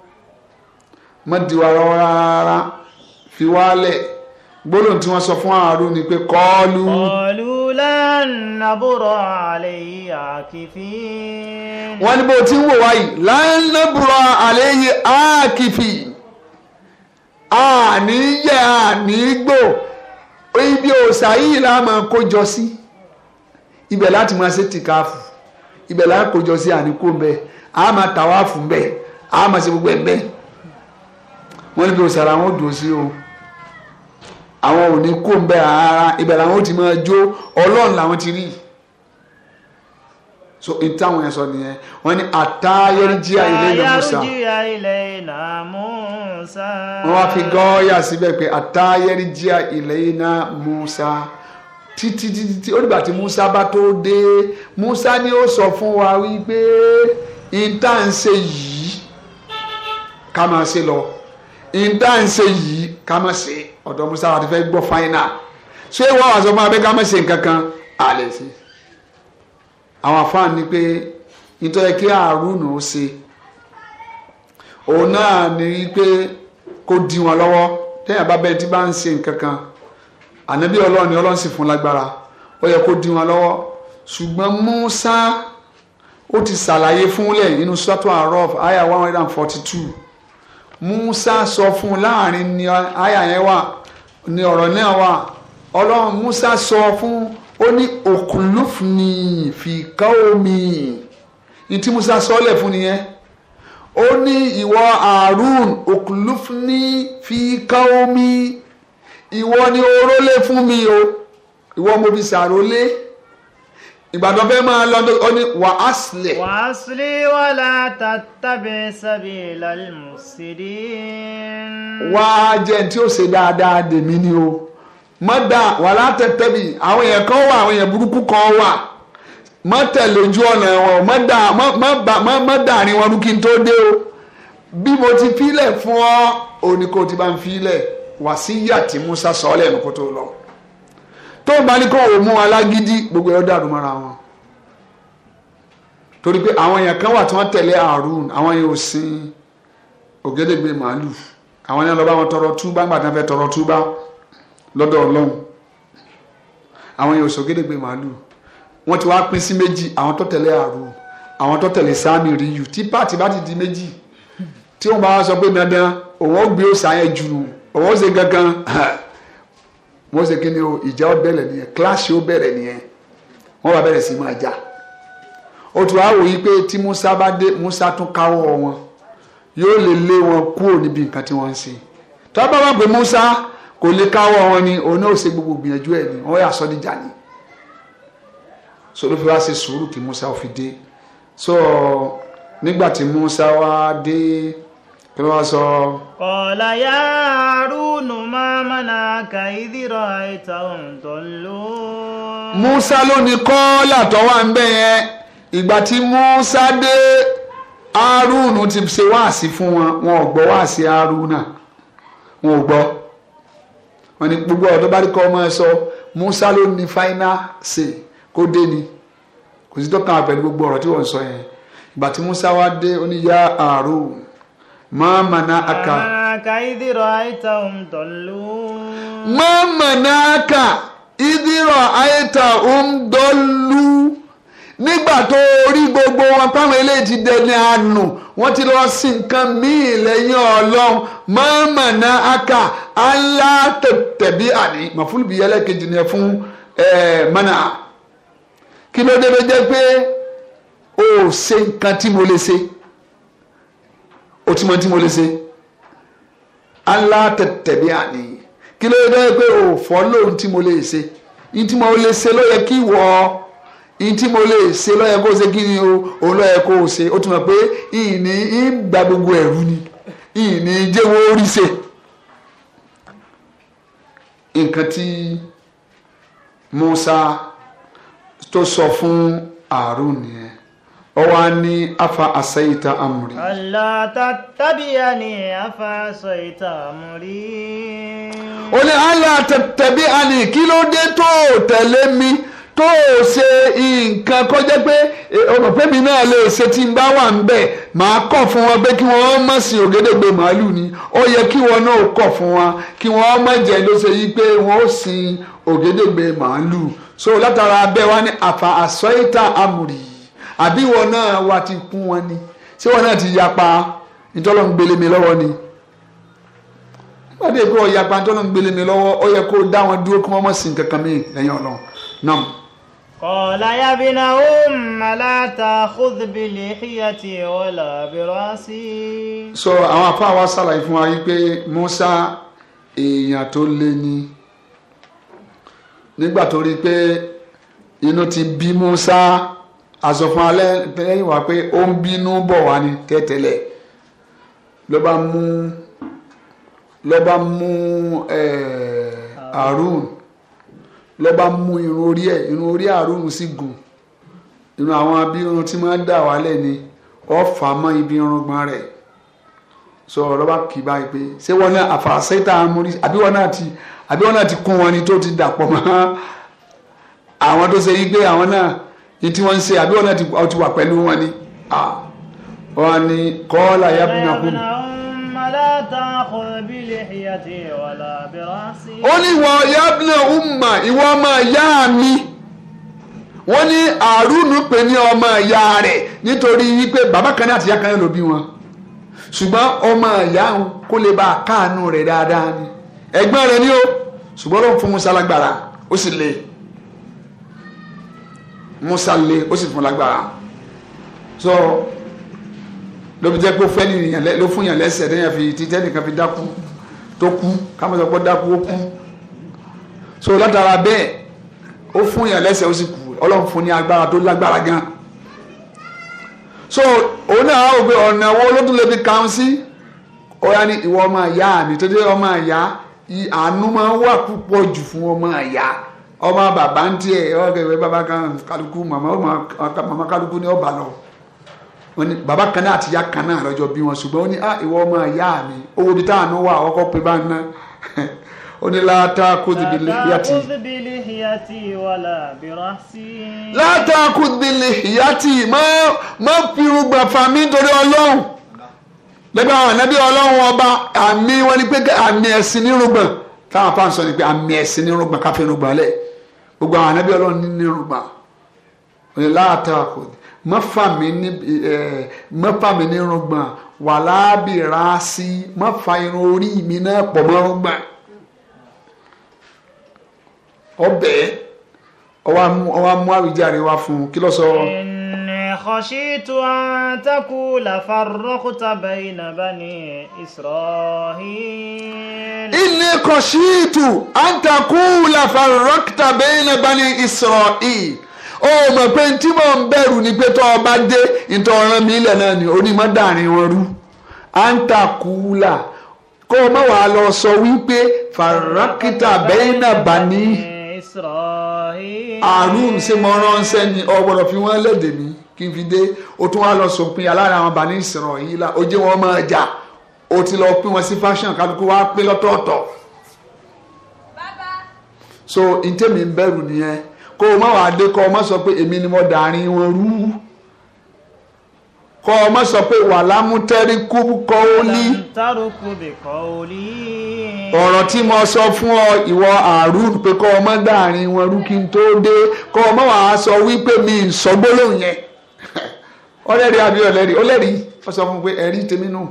mọ́ diwa rárá fi wálẹ̀ gbólóhùn tí wọ́n sọ fún àárú ni pé kọ́ọ́lù. kọ́ọ́lù lánàbùrọ̀ àlẹ́ yìí àkìfì. wọ́n ní bó ti ń wò wáyìí lánàbùrọ̀ àlẹ́ yìí àkìfì àníyẹ ànígbò ibi òòsà yìí la máa kójọ sí ibẹ̀ láti máa ṣe tìkáàfù ibẹ̀ láti kójọ sí àníkó bẹ́ẹ̀ a máa tàwa fún bẹ́ẹ̀ a máa ṣe gbogbo ẹ̀ bẹ́ẹ̀ wọ́n ní bí o wọn dùn sí o àwọn ò ní kó ń bẹ ibẹ̀ làwọn ò ti máa jó ọlọ́run làwọn ti rí so n táwọn yẹn sọ nìyẹn wọ́n ní àtayọrìjì ilẹ̀
iná musa wọ́n wá fi gọ́ọ́yà
síbẹ̀ pé àtayọrìjì ilẹ̀ iná musa títí títí ó dìgbà tí musa bá tó dé musa ni ó sọ fún wa wípé n tá à ṣe yìí ká máa ṣe lọ ìdáǹṣe yìí ká má ṣe ọ̀dọ̀ musa àti fẹ́ gbọ́ fáínà ṣé ìwọ àwọn àṣọ máa bẹ ká má ṣe nǹkan kan àlè sí i àwọn àfáàn ni pé nítorí kí àrùn ó ṣe òun náà ni pé kó di wọn lọ́wọ́ tẹ́yìn bá bẹ́ẹ̀ tí bá ń ṣe nǹkan kan ànábì ọlọ́run fún lágbára ó yẹ kó di wọn lọ́wọ́ ṣùgbọ́n musa ó ti ṣàlàyé fúnlẹ̀ nínú sọ́tò àrọ́f àyà one hundred and forty two Musa sọ fún un láàrin ni àyà yẹn wà ni ọ̀rọ̀ náà wà ọlọ́run Musa sọ fún ó ní òkúlùfùnì fìkà omi ní tí Musa sọ́lẹ̀ fún nìyẹn ó ní ìwọ Harun òkúlùfùnì fìkà omi ìwọ ni orólé fún mi o ìwọ mo fi ṣàrólé ìgbàdàn fẹ́ máa lọ ó ní wà á sílẹ̀. wà á
sílẹ̀ wà látà tàbí sábì lálùmù sídì.
wà á jẹ́ tí ó ṣe dáadáa dèmi ni o má dà wà látà tàbí àwọn èèyàn kan wà àwọn èèyàn burúkú kan wà má tẹ̀lé ojú ọ̀nà wọn má dà má wọn kí n tó dé o bí mo ti fílẹ̀ fún ọ òní kò ti bá ń fílẹ̀ wà sí yàtí Musa sọ ọ́ lẹ́nu kó tó lọ tó bá ní kó o mú alágídí gbogbo ẹ̀rọ dàrú mọ́ra wọn torí pé àwọn èèyàn kan wà tí wọ́n tẹ̀lé àrùn àwọn yẹn ò sin ògédègbè màálù àwọn yẹn lọ bá wọn tọrọ túbá nígbà tí wọ́n fẹ́ tọrọ túbá lọ́dọ̀ ọlọ́run àwọn yẹn ò sọ ògédègbè màálù wọ́n ti wá pín sí méjì àwọn tó tẹ̀lé àrùn àwọn tó tẹ̀lé sáàmì ríyù tí pàtì bá ti di méjì tí wọ́n bá wá sọ pé dandan òun ó gbé òsà yẹn jù òun ó ṣe gangan wọ́n ṣe kí ni o ìjà ó bẹ̀rẹ̀ nìyẹn kíláàsì ó bẹ̀rẹ̀ nìyẹn wọ́n bá bẹ̀rẹ̀ sí máa jà ó tún á wò yí pé tí Musa bá dé Musa tún káwọ́ wọn yóò lè lé wọn kúrò níbi nǹkan tí wọ́n ń ṣe tó bá wà pé Musa kò lè káwọ́ wọn ni òun náà ṣe gbogbo gbìyànjú ẹ̀ ni wọ́n yà sọ́ dìjà ni sọlọ́fẹ́ wá ṣe sùúrù kí Musa fi dé so nígbà tí Musa wá dé. So, kí ló wá sọ. kọ̀ọ̀lá yá rúnù
máa mánà ká ìdírọ̀ ìta òǹtọ̀ ló.
Musa ló ní kọ́ọ̀lá tó wà ń bẹ̀ yẹn ìgbà tí Musa dé Haruna ti ṣe wáàsí fún wọn wọn ò gbọ́ wáàsí Haruna wọn ò gbọ́ wọn ni gbogbo ọ̀dọ́ bá rí kọ́ ọmọ ẹ sọ Musa ló ní final ṣe kó dé ni kò sí tó kàn án pẹ̀lú gbogbo ọ̀rọ̀ tí wọ́n sọ yẹn ìgbà tí Musa wá dé ó ní yá Haruna. ما منعك
إذ رأيتهم ضلوا
ما منعك إذ رأيتهم ضلوا nígbà tó rí gbogbo wọn páwọn eléyìí ti dẹni àánú wọn ti lọ sí nǹkan míì lẹ́yìn Ọlọ́run mọọmọnà aka alá tẹbí àní màfúlùbí ẹlẹ́kejì ni ẹ fún mọnà kí ló dé ló jẹ́ pé ó ṣe nǹkan tí mo lè ṣe o ti mọ tí mo lè ṣe Allah tẹ̀tẹ̀bí àní kí ló dé pé o fọ́ lóhun tí mo lè ṣe ní tí mo lè ṣe ló yẹ kí wọ́ ọ ní tí mo lè ṣe ló yẹ kó ṣe kí ni o òun ló yẹ kó o ṣe o ti mọ̀ pé ìní ń gba gbogbo ẹ̀rú ni ìní jẹ́wọ́ orí ṣe nǹkan tí Musa tó sọ fún Àrùn nìyẹn. ọwọ́ ní afa asaita amuri.
Allah ní afa asaita amuri.
ó ní Allah tattabi'ani kí ló dé tó tẹ̀lé mi tó o ṣe nǹkan kọjá pé ọ̀rọ̀ e, pé mi náà lè ṣe tí n bá wà ń bẹ̀ màá kọ̀ fún wọn pé kí wọ́n má sin ògédègbè màálù ni ó yẹ kí wọn náà kọ̀ fún wọn kí wọ́n má jẹ́ ló ṣe yí pé wọ́n ó sin ògédègbè màálù so látara bẹ́ẹ̀ wa ní àfà àsọ̀yìntà amòrì àbí ìwọ náà wà ti kún wọn ni ṣé wọn náà ti yapa ìtọ́lọ́n gbélé mi lọ́wọ́ ni nígbàdí ìgbọ́ yapa ìtọ́lọ́n gbélé mi lọ́wọ́ ó yẹ kó dá wọn dúró kí wọ́n mọ̀ sí nǹkan kan mí lẹ́yìn ọ̀nà náà.
قال يا ابن أم لا تأخذ بلحيتي ولا برأسي. so àwọn
àfáà wa ṣàlàyé fún wa yìí pé Musa èèyàn tó lé ní nígbà tó rí pé inú ti bí Musa àsọfún alẹ́ lẹ́yìn wá pé ó ń bínú bọ̀ wá ní tẹ́tẹ́lẹ̀ ló bá mú ló bá mú Harun ló bá mú irun orí ẹ̀ irun orí Harun sì gùn irun àwọn abirun tí máa ń dà wálẹ̀ ni ọ̀fà mọ́ ibi irungbọ̀n rẹ̀ sọ ọ̀rọ̀ bá kì í báyìí pé ṣé wọn náà àfàṣẹ́tà amúrí àbí wọn náà ti àbí wọn náà ti kún wọn ni tó ti dàpọ̀ mọ́ àwọn tó ṣe yí pé àwọn náà ní tí wọ́n ń ṣe àbí wọn náà ti wà pẹ̀lú wọn ni wọn ni kọ́ọ́lá yà bí nàkún. ó ní wọ yabna umma ìwọ ọmọ ìyá mi wọ́n ní àrùn pè ní ọmọ ìyá rẹ̀ nítorí wípé bàbá kan náà àti ìyá kan náà ló bí wọn ṣùgbọ́n ọmọ ìyá òun kó lè bá a káàánú dáadáa ni ẹ̀gbọ́n rẹ̀ ni ó ṣùgbọ́n ló fún un sálágbára ó sì lè. Musa le ó sì fún lágbára so ló fi jẹ́ pé ó fẹ́ nìyẹn ló fún yàn lẹ́sẹ̀ lẹ́yìn fi títẹ́ nìkan fi dákú tó kú káwọn sọ pé dákú ó kú so látara bẹ́ẹ̀ ó fún yàn lẹ́sẹ̀ ó sì kú Ọlọ́run fún ní agbára tó lágbára gan so òun náà á wò pé ọ̀nà wo ló tún lè fi kàn sí ọ̀ya ni ìwọ ọmọ ìyá mi tó dé ọmọ ìyá àánú máa ń wà púpọ̀ jù fún ọmọ ìyá ọmọ bàbá ń tiẹ̀ ọ̀rẹ́ bàbá kan kálukú màmá màmá kálukú ni ọba lọ bàbá kan náà àti ìyá kan náà lọ́jọ́ bí wọn ṣùgbọ́n ó ní à ah, ìwọ ọmọ ìyá mi owó bíi táwọn wà ọkọ pé bá ń ná ó ní láàtà kùdìbìlì hìyàtì láàtà kùdìbìlì hìyàtì ma fi rúgbà fàmí torí ọlọ́run lẹ́gbẹ́ àwọn ànábì ọlọ́run ọba àmì wọn ni pé àmì ẹ̀sìn ní rúgbà táwọn afáàsọ ni pé àmì ẹ̀sìn ní rúgbà káfíń rúgbà lẹ́yìn. gbogbo àwọn anábì ọlọ́run ní irùngbọ̀n òní láàtà kò mọ́fà mi ní mi sí irun orí mi náà pọ̀ mọ́ irùngbọ̀n ọbẹ̀ ọwọ́ amú àwíjàre wa fún kí
خشيت أن تقول فرقت بين بني إسرائيل
إني خشيت أن تقول فرقت بين بني إسرائيل ó mọ̀ pé tí mò ń bẹ̀rù ni pé tó o bá dé ìtọ́ ọ̀ràn mi ilẹ̀ náà ni onímọ̀ dàrin wọn rú à ń kó o má wàá lọ sọ wípé fàràkìtà bẹ́ẹ̀ bá ní. àrùn ṣe mọ ránṣẹ́ ni ọ̀gbọ́dọ̀ fi wọ́n lédè mi kí n fi dé ó tún wá lọ sòpin alára àwọn bàní ìsìnrọ̀ yìí la ó jẹ́ wọn máa jà ó ti lọ pín wọn sí fashion kálukú wá pín lọ́tọ̀ọ̀tọ̀ so ntẹ́mi ń bẹ̀rù nìyẹn kó o má wàá dé kọ́ ọ má sọ pé èmi ni mo dàrin wọn rú kọ́ ọ má sọ pé wà lámútẹ́rí kú kọ́ ó lí. ọ̀rọ̀ tí mo sọ fún ọ ìwọ àrùn pé kọ́ ọ má dàrin wọn rú kí n tó dé kọ́ ọ má wàá sọ wípé mi ń sọ gbólóhùn yẹn. ọlẹ́rìí àbí ọlẹ́rìí ọlẹ́rìí fọsọ fún pé ẹ̀rí tèmi nù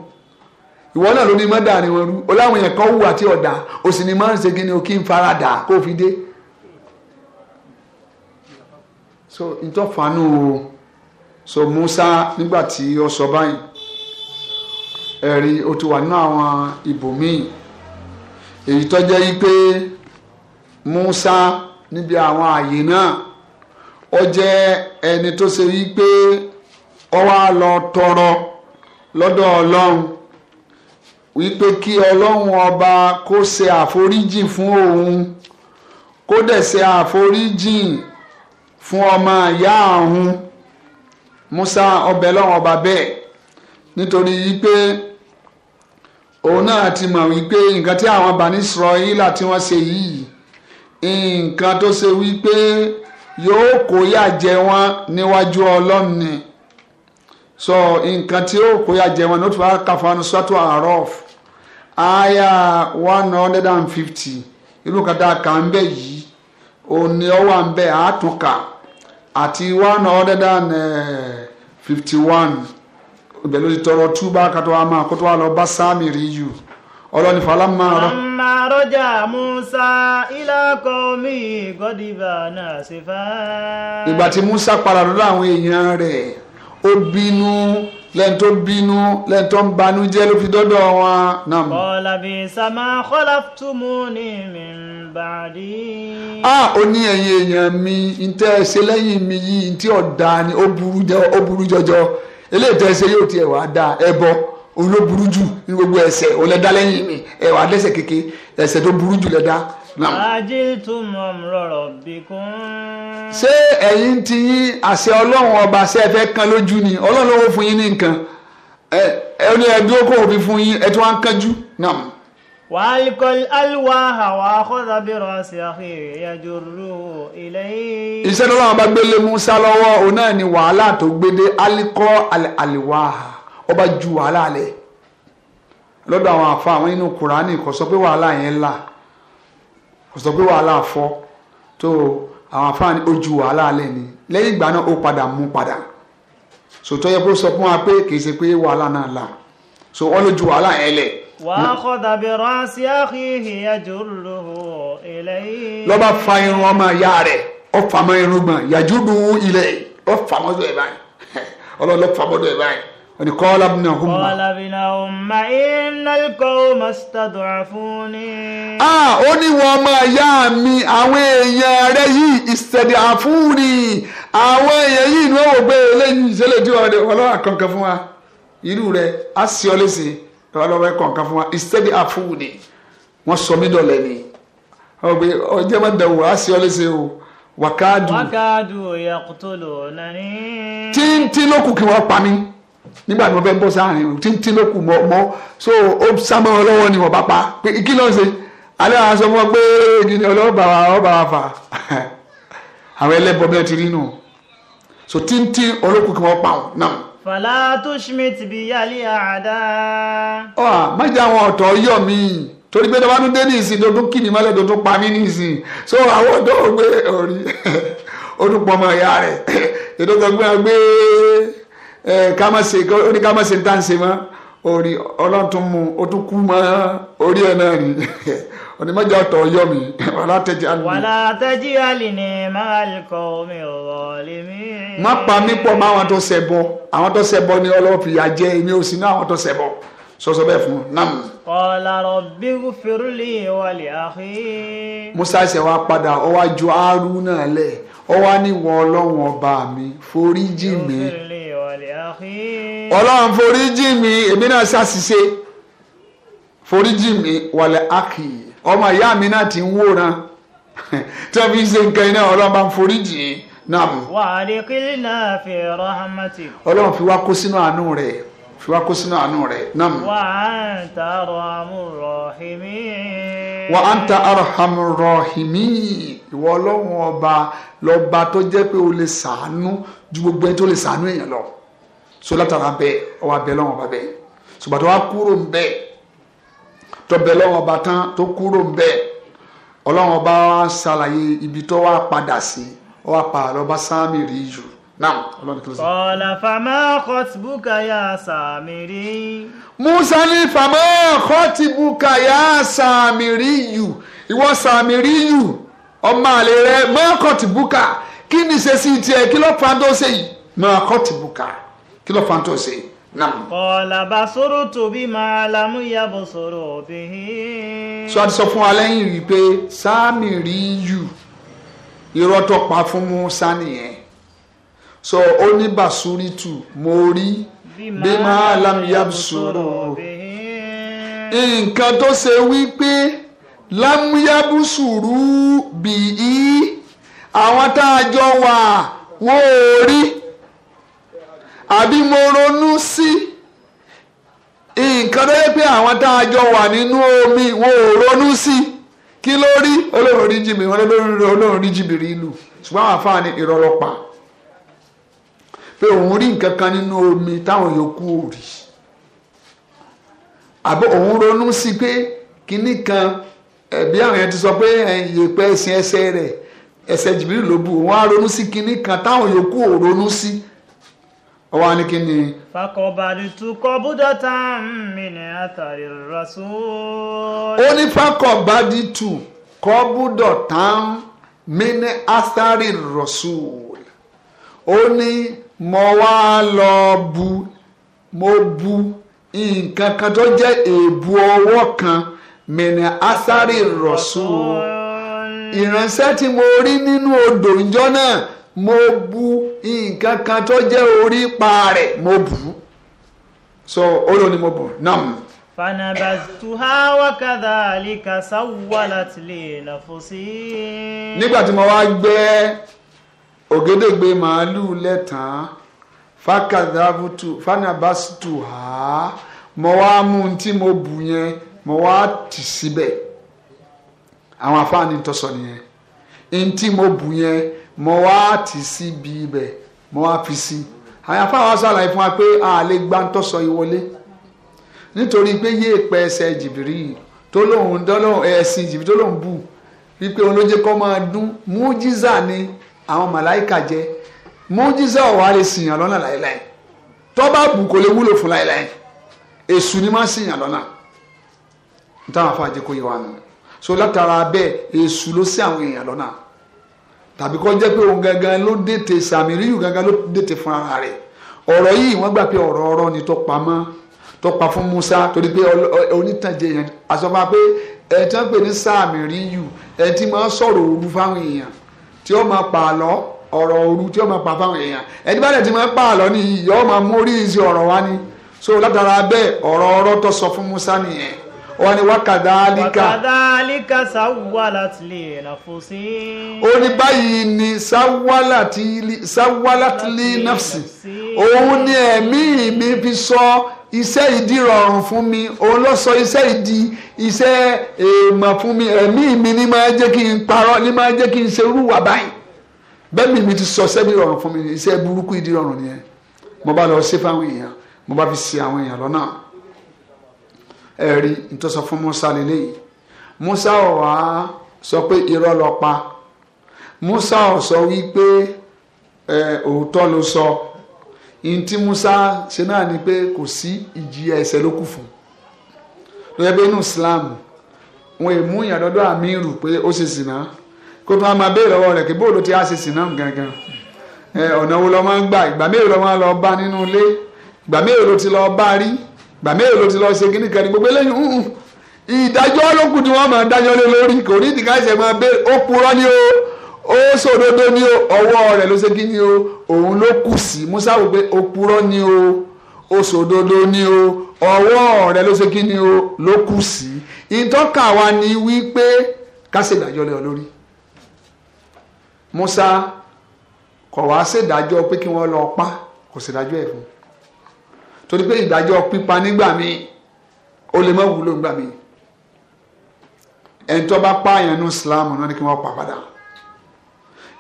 ìwọ náà ló ní mọ́dà ni wọ́n rú ọláwọn yẹn kan wù àti ọ̀dà ó sì ní máa ń ṣe kí ni o kí n fara dà kó fi dé. so ntọ́fàánù o so Musa nígbà tí ọ sọ báyìí ẹ̀rí o ti wà nínú àwọn ibòmíì èyí tó jẹ́ yí pé Musa níbi àwọn ààyè náà ọ jẹ́ ẹni tó ṣe yí pé. ó wá lọ tọrọ lọ́dọ̀ ọlọ́run wípé kí ọlọ́run ọba kó ṣe àforíjì fún òun kó dẹ̀ ṣe àforíjì fún ọmọ ìyá ọ̀hún Musa ọbẹ̀ lọ́run ọba bẹ́ẹ̀ nítorí wípé òun náà ti mọ̀ wípé nǹkan tí àwọn Bani Israila tí wọ́n ṣe yìí nǹkan tó ṣe wípé yóò kó yà jẹ wọn níwájú ọlọ́run ni. Wa so nǹkan tí ó kó ya jẹ wọn ní o tún wá kà fún anusatu arof aya one hundred and fifty inú kan tá a kà ń bẹ yìí òní ọwọ́ à bẹ àtúnkà àti one hundred and fifty one ibẹ̀ ló ti tọrọ túbà kátó wa máa kótó wa lọ bá sáàmì rí yù ọlọ́ni falama rọ. amma
musa ila qaumi gọ́dìbà náà ṣe fà
ìgbà tí musa padà lọ́dọ̀ àwọn èèyàn rẹ̀ ó bínú lẹ́ni tó bínú lẹ́ni tó ń banú jẹ́ ló fi dọ́dọ̀ wọn náà mọ̀.
kọ́lá sàmà kọ́lá túmú ní mi ń bà
a ó ní ẹ̀yin èèyàn mi ntẹ́ ẹ ṣe lẹ́yìn mi yìí ntí ọ̀dà ni ó burú jọjọ eléyìí tẹ́ ẹ ṣe yóò tiẹ̀ wá dáa ẹ bọ́ jù ní gbogbo ẹ̀ṣẹ̀ òun lẹ mi ẹ wà á dẹ́ṣẹ̀ kéke ẹ̀ṣẹ̀ tó burú jù lẹ
àjìtùm ọmọrọ bìkún.
ṣé ẹ̀yin ti yín àṣẹ ọlọ́run ọba ṣe é fẹ́ kan lójú ni ọlọ́run ló fún yín ní nǹkan ẹ ẹ ní ẹbí ó kó òfin fún yín ẹ tí wọ́n á kánjú náà. وألقى
الألواح وأخذ برأس أخيه يجره إليه. iṣẹ́ tó lọ́wọ́ bá gbélé
Musa lọ́wọ́ òun náà ni wàhálà tó gbédé alikọ́ aliwaha ó ju wàhálà lẹ̀ lọ́dọ̀ àwọn àfa àwọn inú Kùránì kò sọ pé wàhálà yẹn là kò pé wàhálà fọ́ tó àwọn afáàní ojú wàhálà alẹ́ ni lẹ́yìn ìgbà náà ó padà mú padà sòtọ́ yẹ kó sọ fún wa pé kì í ṣe pé wàhálà náà là so wọ́n lójú wàhálà ẹ̀ lẹ̀. وأخذ fa irun ọmọ ìyá rẹ̀ ó fà mọ́ irùngbọ̀n يجره إليه ó fà mọ́ ọ̀dọ̀ ẹ̀ báyìí ọlọ́run ló mọ́ ọ̀dọ̀ ẹ̀ báyìí ni kọ́lá bìnà hùmà.
kọ́lá bìnà hùmà iná kọ́ mọ́sítàdùrà fún ni.
a ó ní wọn ọmọ ìyá mi àwọn èèyàn rẹ yi ìṣẹ̀dẹ̀ àfúnni àwọn èèyàn yi ni wọ́n wò pé eléyìí ìṣẹ̀lẹ̀ tí wọ́n lọ́wọ́ kankan fún wa irú rẹ á sì ọ lé sí i wọ́n lọ́wọ́ kankan fún wa ìṣẹ̀dẹ̀ àfúnni wọ́n sọ mí dọ̀lẹ́ ni ọjọ́ bá dẹ̀wò á sì ọ lé sí o wàkàdù. wàkàdù
yaqtulunani.
tí ń tí lókùnkùn pa mí nígbà tí mo fẹ́ bọ́ sáàrin o títí ló kù mọ́ so ó sábà wọn ni wọ́n bá pa pé kí ló ń ṣe alẹ́ àwọn aṣọ fún wọn pé èyí ni ọba fà àwọn ẹlẹ́bọ bẹ́ẹ̀ ti rí nù so títí olókùn kí wọ́n pa wọn náà.
fàlà tó ṣími ti bí yálé àdá.
ọ à má jẹ́ àwọn ọ̀tọ̀ yọ̀ mí torí pé tọ́wọ́n dé ní ìsìn kì mí mọ́lẹ̀ tó pa mí ní so àwọn ọ̀dọ́ ògbé orí ó pọ̀ mọ́ ìyá rẹ̀ ètò kan gbé ká má ṣe ó ní ma ori ṣe ń tà ń ṣe mọ́ orí ọlọ́run tún mú o tún kú mọ́ orí ẹ̀ náà ni onímọ̀jà ọ̀tọ̀ yọ mi wàlá tẹ́jì àlùmí. wàlá
tẹ́jì àlùmí máa kọ omi ọ̀rọ̀ lèmi.
má pa mí pọ̀ mọ́ àwọn tó ṣẹbọ àwọn tó ṣẹbọ ni ọlọ́run fìyà jẹ èmi ò sí ní àwọn tó ṣẹbọ sọsọ bẹ́ẹ̀ fún nam.
qala rabbi ghfir li wa li akhi.
musa ṣe wá padà ó wá ju Hárúnà lẹ̀ ó wá ní wọ ọlọ́run ọba mi foríjì mi ọlọ́run foríjì mi èmi náà ṣàṣìṣe foríjì mi wàlẹ̀ ákì ọmọ ìyá mi náà ti ń wòran tí wọ́n fi ń ṣe nǹkan iná ọlọ́run bá ń foríjì yìí náà mú. wà
á lè kílì náà fi rahmati.
ọlọ́run fi wá kó sínú àánú rẹ̀ fi wá kó sínú àánú rẹ̀ náà mú. wà
á ń ta arhamu rahimi.
wà á ń ta arhamu rahimi ìwọ ọlọ́run ọba lọ́ba tó jẹ́ pé o lè ṣàánú ju gbogbo ẹni tó lè ṣàánú èèyàn lọ so látara bẹ́ẹ̀ ọwọ́ abẹ́ lọ́wọ́ ọba wa ṣùgbọ́n tó wá kúrò ń bẹ́ẹ̀ tó bẹ lọ́wọ́ ọba tán tó kúrò ń wa ṣàlàyé ibi tó wá padà sí ọ wá pa àlọ́ bá sáàmì rí jù náà ọlọ́run kìlọ̀
sí. ọ̀la fàmà kọ́tìbùkà yà sàmì rí.
Musa ní fàmà kọ́tìbùkà yà sàmì rí yù ìwọ sàmì rí yù ọmọ àlè kí ni ṣe sí tiẹ̀ kí ló pa tó ṣe yìí mọ́ kí ló fàǹtò ṣe
nam. kọ̀ọ̀là bá sọ̀rọ̀ tòbí máa lámú ìyàbọ̀ sọ̀rọ̀ òbí.
sọ àti sọ fún wa lẹ́yìn rí i pé sáàmì rí yù irọ́ tó pa fún Musa nìyẹn sọ ó ní bàṣúrìtù mo rí bí máa lámú ìyàbọ̀ sọ̀rọ̀ òbí. nǹkan tó ṣe wípé lámúyábùsùrù bìí àwọn tá a jọ wà wọ́n ò rí. àbí mo ronú sí nǹkan tó yẹ pé àwọn tá jọ wà nínú omi wo ò ronú sí kí ló rí olóòrùn rí jìbìrì wọn olóòrùn rí ìlú ṣùgbọ́n àwọn afáàní pa, pé òun rí nǹkan kan omi táwọn yòókù ò rí àbí òun ronú sí pé kan ẹbí eh, àwọn yẹn ti sọ pé eh, ìyèpẹ ẹsìn ẹsẹ̀ rẹ̀ ẹsẹ̀ jìbìrì ló bu òun á ronú kan táwọn yòókù ò ronú sí. ọwọ́ ní kí ni. fakọbalì tukọ̀ búdọ̀tà
mi ní àtàrí rasul. ó ní
fakọbalì tukọ̀ búdọ̀tà mi ní àtàrí rasul. ó ní mo wá lọ bu mo bu nǹkan kan tó jẹ́ èèbù ọwọ́ kan mi ní àtàrí rasul. ìránṣẹ́ tí mo rí nínú odò ìjọ náà mo bu nǹkan kan tó jẹ́ orí pa rẹ̀ mo bù ú so olóò ni mo bù náà.
fanabaztuha wa kadhalika sawwalat li nafsi.
nígbà tí mo wá gbé ògédègbè màálùú lẹ́tàn fakadabutu fanabaztuha mo wá mú un tí mo bù yẹn mo wá tì síbẹ̀ àwọn afáàní tó sọ nìyẹn ntí mo bù yẹn mo wá tì síbi ibẹ̀ mo wá fi sí àwọn afáwọn sàlàyé fún wa pé a lè gbá ń tọ́sọ ìwọlé nítorí pé yé pẹ́ ẹsẹ̀ jìbìrì tó lóun dọ́lọ́hún ẹ̀sìn jìbìrì tó lóun bù wípé òun ló jẹ́ kó máa dún mújísà ni àwọn màláìkà jẹ́ mújísà ọ̀wá lè sìyàn lọ́nà láéláé tó bá bù kò lè wúlò fún láéláé èṣù ni má sìyàn lọ́nà nítawọn afọ àjẹkọ yìí wà nù so látara bẹ́ẹ̀ èṣù ló sí àwọn èèyàn lọ́nà tàbí kọ́ jẹ́ pé òun gangan ló dètè sàmìríyù gangan ló dètè fún ara rẹ̀ ọ̀rọ̀ yìí wọ́n gbà pé ọ̀rọ̀ ọ̀rọ̀ ni tó pamọ́ tó pa fún Musa torí pé onítànjẹ yẹn àsọfà pé ẹ tí wọ́n pè ní sàmìríyù ẹ tí máa sọ̀rọ̀ òru fáwọn èèyàn tí ó máa pa àlọ́ ọ̀rọ̀ òru tí ó máa pa fáwọn èèyàn ẹni bá dẹ̀ ti máa pa àlọ́ nìyí yọ máa mú oríṣi ọ̀rọ̀ wá ni so látara bẹ́ẹ̀ ọ̀rọ̀ ọ̀rọ̀ tó sọ fún Musa nìyẹn wọ́n ni wákàdálíkà.
wákàdálíkà sáwálà
tí lè nàfọ́sí. ó ní báyìí ni sáwálà ni ẹ̀mí mi fi sọ iṣẹ́ ìdí rọrùn fún mi òun ló sọ iṣẹ́ ìdí iṣẹ́ èèmọ̀ fún mi ẹ̀mí mi ní máa jẹ́ kí n parọ́ ní máa jẹ́ kí n ṣe rúwà báyìí bẹ́ẹ̀ni mi ti sọ sẹ́mi rọrùn fún mi iṣẹ́ burúkú ìdí rọrùn nìyẹn mo bá lọ ṣe fáwọn èèyàn mo bá fi ṣe àwọn èèyàn lọ́nà ẹ̀rí nítòsọ fún Musa lélẹ́yìí Musa ò wá sọ pé irọ́ lọ pa Musa ò sọ wípé òótọ́ ló sọ ntí Musa ṣe náà ni pé kò sí ìjìyà ẹ̀ṣẹ̀ ló kù fún lóyẹ pé inú Islam wọn èmú ìyàdọ́dọ́ àmírù pé ó ṣe sìnà kó tó máa béèrè lọ́wọ́ rẹ̀ kí bóòlù ti á ṣe sìnà gangan ọ̀nà wo lọ́ máa ń gbà ìgbà mélòó lọ́ máa lọ bá nínú ilé ìgbà mélòó ti lọ bá rí gbà mélòó ló ti lọ ṣe kíní kan ní gbogbo eléyìí hùhùn ìdájọ́ lókùn tí wọ́n máa dájọ́ lé lórí kò ní ìdíkà ẹsẹ̀ máa bẹ ó purọ́ ní o ó sòdodo ní o ọwọ́ rẹ̀ ló ṣe kíní o òun ló kù sí Musa wò pé ó purọ́ ní o ó sòdodo ní o ọwọ́ rẹ̀ ló ṣe kíní o ló kù sí ìtọ́ka wa ni wípé ká ṣèdájọ́ lé ọ lórí Musa kọ̀ wá ṣèdájọ́ pé kí wọ́n lọ pa kò ṣèdájọ́ ẹ̀ fún un torí pé ìdájọ́ pípa nígbà míì ó lè má wúlò nígbà míì ẹni tó bá pààyàn nínú Islam náà ni kí wọ́n pa padà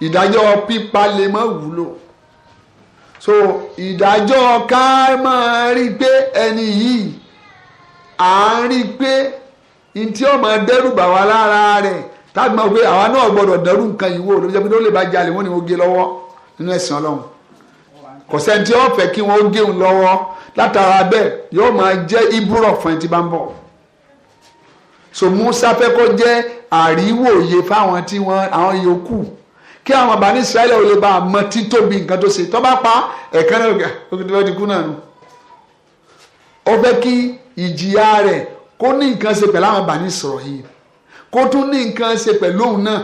ìdájọ́ pípa lè má wúlò so ìdájọ́ ká máa rí pé ẹni yìí à ń rí pé ntí ọmọ dẹ́rù bà wá lára rẹ̀ tágbọ́n pé àwa náà gbọ́dọ̀ dẹ́rù nǹkan yìí wò lóbi jẹ́ pé ó lè bá jalè wọ́n ni mo gé lọ́wọ́ nínú ẹ̀sìn Ọlọ́run kò sẹ́ni tí wọ́n fẹ́ kí wọ́n gé òun lọ́wọ́ látara bẹ́ẹ̀ yóò máa jẹ́ ibúrọ̀ fún ẹni tí bá ń bọ̀ so Musa fẹ́ kó jẹ́ àríwòye fáwọn tí wọ́n àwọn yòókù kí àwọn bàní Israẹli ò lè bá a títóbi nǹkan tó ṣe tó bá pa ẹ̀kan náà ó ti kú náà nù ó fẹ́ kí ìjìyà rẹ̀ kó ní nǹkan ṣe pẹ̀lú àwọn bàní Israẹli kó tún ní nǹkan ṣe pẹ̀lú òun náà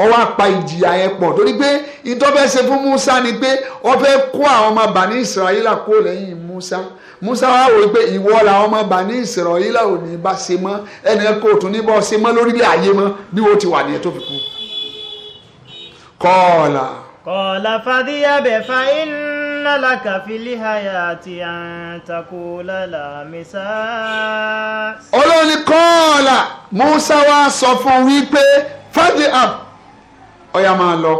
ó wá pa ìjìyà yẹn pọ̀ torí pé ìtọ́fẹ́ fún Musa ni pé ó fẹ́ kó àwọn ọmọ bàní Israẹla kó lẹ́yìn Musa Musa wá wò pé ìwọ la ọmọ bani Israẹla ò ní bá ṣe mọ́ ẹnì kò tún ní bọ́ ṣe mọ́ lórílẹ̀ ayé mọ́ bí wọ́n ti wà nìyẹn tó fi kú. kọ́ọ̀là.
kọ́ọ̀là fàdíyàbẹ̀ fa iná làkà fìlí àyà àti àǹtakùlà làmísà.
olórí kọ́ọ̀là Musa wá sọ fún wípé fàdíyàbẹ̀ ọyà máa lọ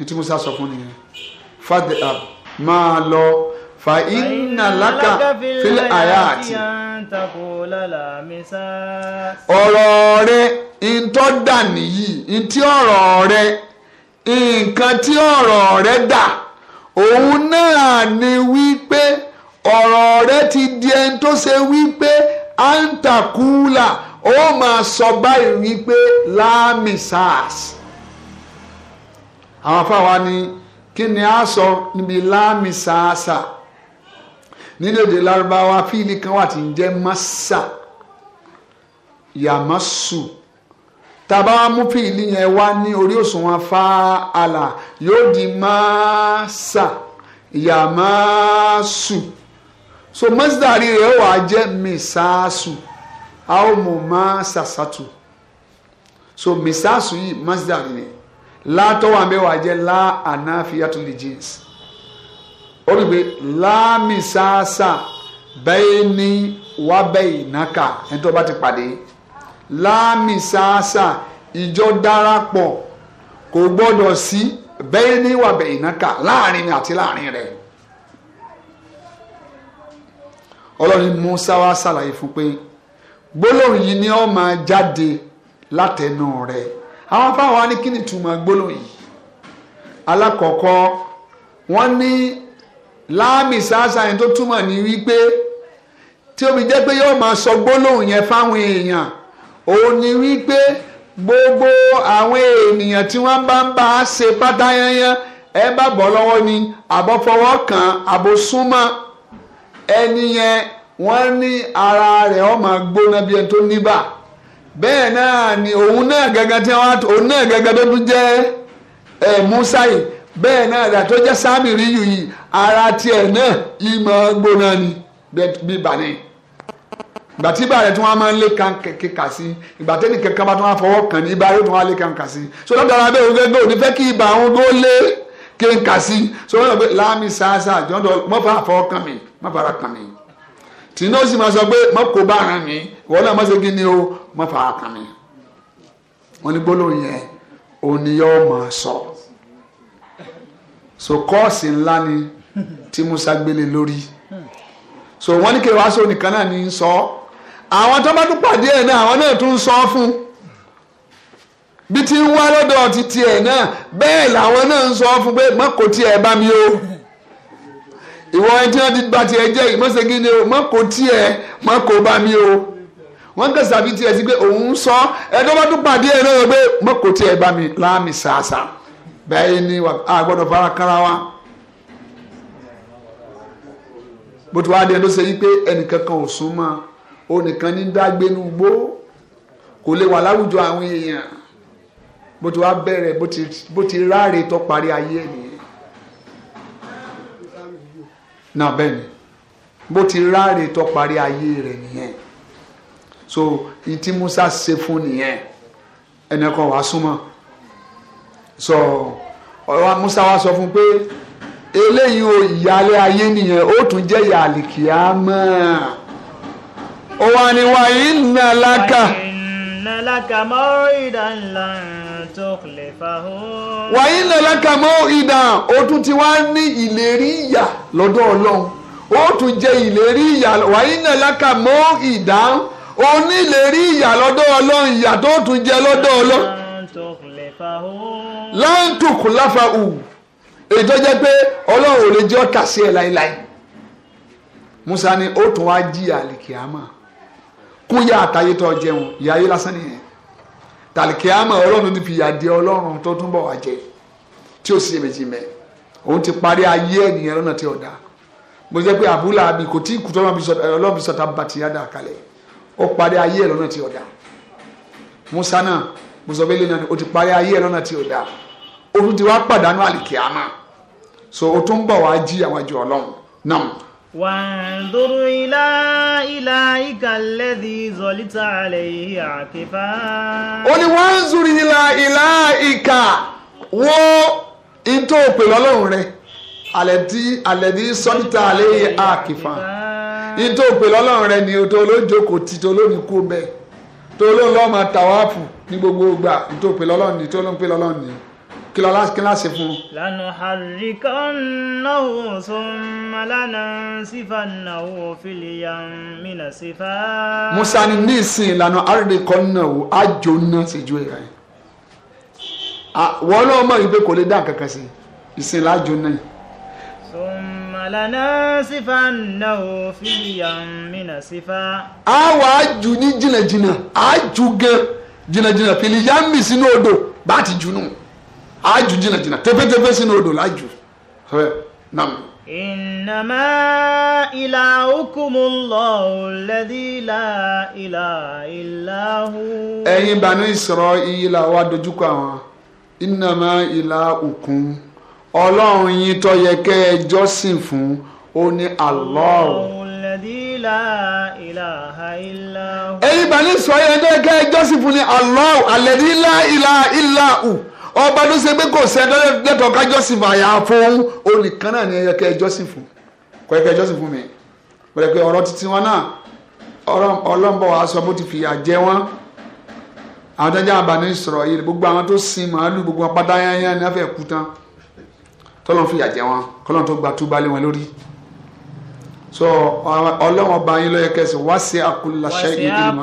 ìtí musa sọ fún nìyẹn fàdé ab máa lọ fa iná lákà fílẹ̀ àyà àti. ọ̀rọ̀ rẹ ntọ́ dà nìyí ntí ọ̀rọ̀ rẹ nǹkan tí ọ̀rọ̀ rẹ dà òun náà ni wípé ọ̀rọ̀ rẹ ti di ẹni tó ṣe wípé antakula ó máa sọ báyìí wípé láàmì sars àwọn afáwa ni kí ni a sọ níbi láàmì sàásà nílẹ̀dẹ̀ lárúbáwá fíìlì kan wà tí ń jẹ́ massa yamasu tàbá mú fíìlì yẹn wá ní orí òṣùwọ̀n fáàlà yóò di massa yamasu so mọ́sídàrí rẹ̀ wà jẹ́ misaasu a ó mú masasatu so misasu yìí mọ́sídàrí rẹ̀ látọ́wọ́ àmẹ́wàá jẹ́ lá ànáfíàtúlì jeans ó rí i pé láàmìsáàsà bẹ́ẹ̀ ni wá bẹ́ẹ̀ náka ẹni tó bá ti pàdé láàmìsáàsà ìjọ darapọ̀ kò gbọ́dọ̀ sí bẹ́ẹ̀ ni wá bẹ́ẹ̀ náka láàrin mi àti láàrin rẹ̀ ọlọ́run Musa wá ṣàlàyé fún pé gbólóhùn yìí ni ó máa jáde látẹnu rẹ̀ àwọn afáwọn wa ní kí ni túmọ̀ gbólóhùn yìí alákọ̀ọ́kọ́ wọ́n ní láàmì sáásá yẹn tó túmọ̀ ní wípé tí omi jẹ́ pé yóò máa sọ gbólóhùn yẹn fáwọn èèyàn òun ni wípé gbogbo àwọn ènìyàn tí wọ́n bá ń bá a ṣe pátá ẹ bá lọ́wọ́ ni àbọ̀fọwọ́ kan eniyan ẹni yẹn ara rẹ̀ ó ma gbóná bí ẹni tó bẹ́ẹ̀ náà ni òun náà gẹ́gẹ́ tí wọ́n òun náà gẹ́gẹ́ tó tún jẹ́ ẹ̀ Musa yìí bẹ́ẹ̀ náà dà tó jẹ́ Sámírì yìí ara tiẹ̀ náà ìmọ̀ gbóná ni bíbà ni ìgbà tí ibà rẹ̀ tí wọ́n máa ń lé kan kíkà sí ìgbà tẹ́ni kankan bá tí wọ́n fọwọ́ kàn ní ibà tí wọ́n lé kan sí so lọ́dọ̀ọ́ra bẹ́ẹ̀ òun gẹ́gẹ́ òní fẹ́ kí ibà òun tó lé kéka sí so wọ́n lọ pé láàmì sáásá jọ́ńdọ̀ mọ́fà àfọwọ́ kàn mí tí náà sì máa sọ pé má kó bá ara mi ìwọ náà má ṣe kí ni o má fà á kàn mí wọn ní gbólóhùn yẹn òun ni yóò máa sọ so kọ́ọ̀sì ńlá ni tí Musa gbélé lórí so wọn ní kí wàá sọ nìkan náà ní í sọ àwọn tó bá tún pàdé ẹ̀ náà àwọn náà tún ń sọ fún un bí ti ń wá lọ́dọ̀ títí ẹ̀ náà bẹ́ẹ̀ làwọn náà ń sọ fún pé mọ́kò tí ẹ bá mi o ìwọ ẹni tí wọ́n ti gba tiẹ̀ jẹ́ ìmọ̀sẹ̀gí ni o mọ̀ kó tiẹ̀ bá mi o wọ́n kẹsà bí tiẹ̀ sí pé òun ń sọ ẹjọ́ bá tún pàdé ẹ̀ lọ́yọ̀ pé mọ̀ kó tiẹ̀ bá mi láàmì sàásà bẹ́ẹ̀ ni a gbọ́dọ̀ fara kára wa. bó ti wáá di ẹni tó ṣe yí pé ẹnìkankan ò sún mọ́ o nìkan ní dágbénú gbó kò lè wà láwùjọ àwọn èèyàn bó ti bẹ̀rẹ̀ bó ti ráre tó parí ayé ẹ̀ nìyẹn náà bẹ́ẹ̀ ni bó ti ráre tó parí ayé rẹ̀ nìyẹn so ìtí Musa ṣe fún nìyẹn ẹnì wàá súnmọ́ so ọ̀rọ̀ Musa wá sọ fún pé eléyìí o ìyálé ayé nìyẹn ó tún jẹ́ ìyá mọ́ ọ wà ní wàyí ńlá lákà
laka maw'idan lan tukhlifahu. wa inna
o tún ti wá ní ìlérí ìyà lọ́dọ̀ ọlọ́run o tún jẹ ìlérí ìyà wa inna laka maw'idan o ní ìlérí ìyà lọ́dọ̀ ọlọ́run ìyà tó tún jẹ lọ́dọ̀ ọlọ́run. lan tukhlifahu èyí tó jẹ́ pé ọlọ́run ò lè jẹ́ ọ́ kà sí ẹ̀ láéláé Musa ni ó tún wá jí àlìkìámà kún yá àtàyè tó jẹun ìyá ayé lásán nìyẹn tàlìkíámà ọlọ́run ti fi ìyá di ọlọ́run tó tún bọ̀ wá jẹ tí ó sì méjì mẹ́ òun ti parí ayé ènìyàn lọ́nà tí ó dáa mo jẹ́ pé àbúlà mi kò tí kùtọ́ ọlọ́run fi sọ̀tà bàtì yá dà kalẹ̀ ó parí ayé ẹ̀ lọ́nà tí ó dáa Musa náà mo sọ ó ti parí ayé ẹ̀ lọ́nà tí ó dáa ó tún ti wá pàdánù àlìkíámà so ó tún bọ̀ wá jí àwọn àjọ ọlọ́run náà. وانظر إلى
إلهك الذي ظلت عليه عاكفا
ó ní وانظر إلى إلهك wo ìtò òpè lọ́lọ́run rẹ̀ àlẹ́dí àlẹ́dí sọ́nìtà àlẹ́yẹ àkìfà ìtò òpè lọ́lọ́run rẹ̀ ni tó olójókòó ti tó olómi kú bẹ́ẹ̀ ni olóńlọ́ọ̀mà tàwáàpù ní gbogbo ìgbà ìtò ni tó olóńpè lọ́lọ́run ni. Kila la kila kí láti fún un.
lánà àríkàn náà sọmọ lánà sífà náà òfìlíyà mìnà sífà. musa
ni ní ìsìn ìlànà àríkàn náà àjò náà sì ju ìrà yẹn wọn náà mọ̀ wípé kò lè dá kankan sí ìsìn láàjò náà.
sọmọ lánà sífà náà òfìlíyà mìnà sífà.
a wàá jù ní jìnnàjìnnà a jù gan jìnnàjìnnà fìlíyà mì sínú odò bá ti jù No àájú jìnnàjìnnà tẹ́fẹ́tẹ́fẹ́ sínú odò láàjù sọ́fẹ́ nam.
ìnàmá ìlà òkùnmù lọ́hùn lẹ́dí ìlà ìlà ìlà hù.
ẹ̀yin Bani Israila wa dojúkọ àwọn ìnàmá ìlà òkun ọlọ́run yín tó yẹ kẹ́ ẹ jọ́sìn fún ó ní Allah. ẹ̀yin Bani Israila yẹn tó kẹ́ ẹ jọ́sìn fún ní Allah alẹ́dí ìlà ìlà ìlà hù. ọba ló ṣe pé kò sẹ́ńtọ́ lẹ́tọ̀ọ́ ká jọ́sìn fún àyà fún onìkan náà ni ẹ̀yẹ kẹ́ ẹ fún kọ́ ẹ kẹ́ ẹ fún mi pẹ̀lẹ́ pé ọ̀rọ̀ títí wọn náà ti fìyà gbogbo àwọn tó sin màálù gbogbo wọ́n fẹ́ kú tán fìyà jẹ wọn so ọlọ́wọ́n bá yín lọ́yẹ kẹsì wá sí akulla shay'in ilma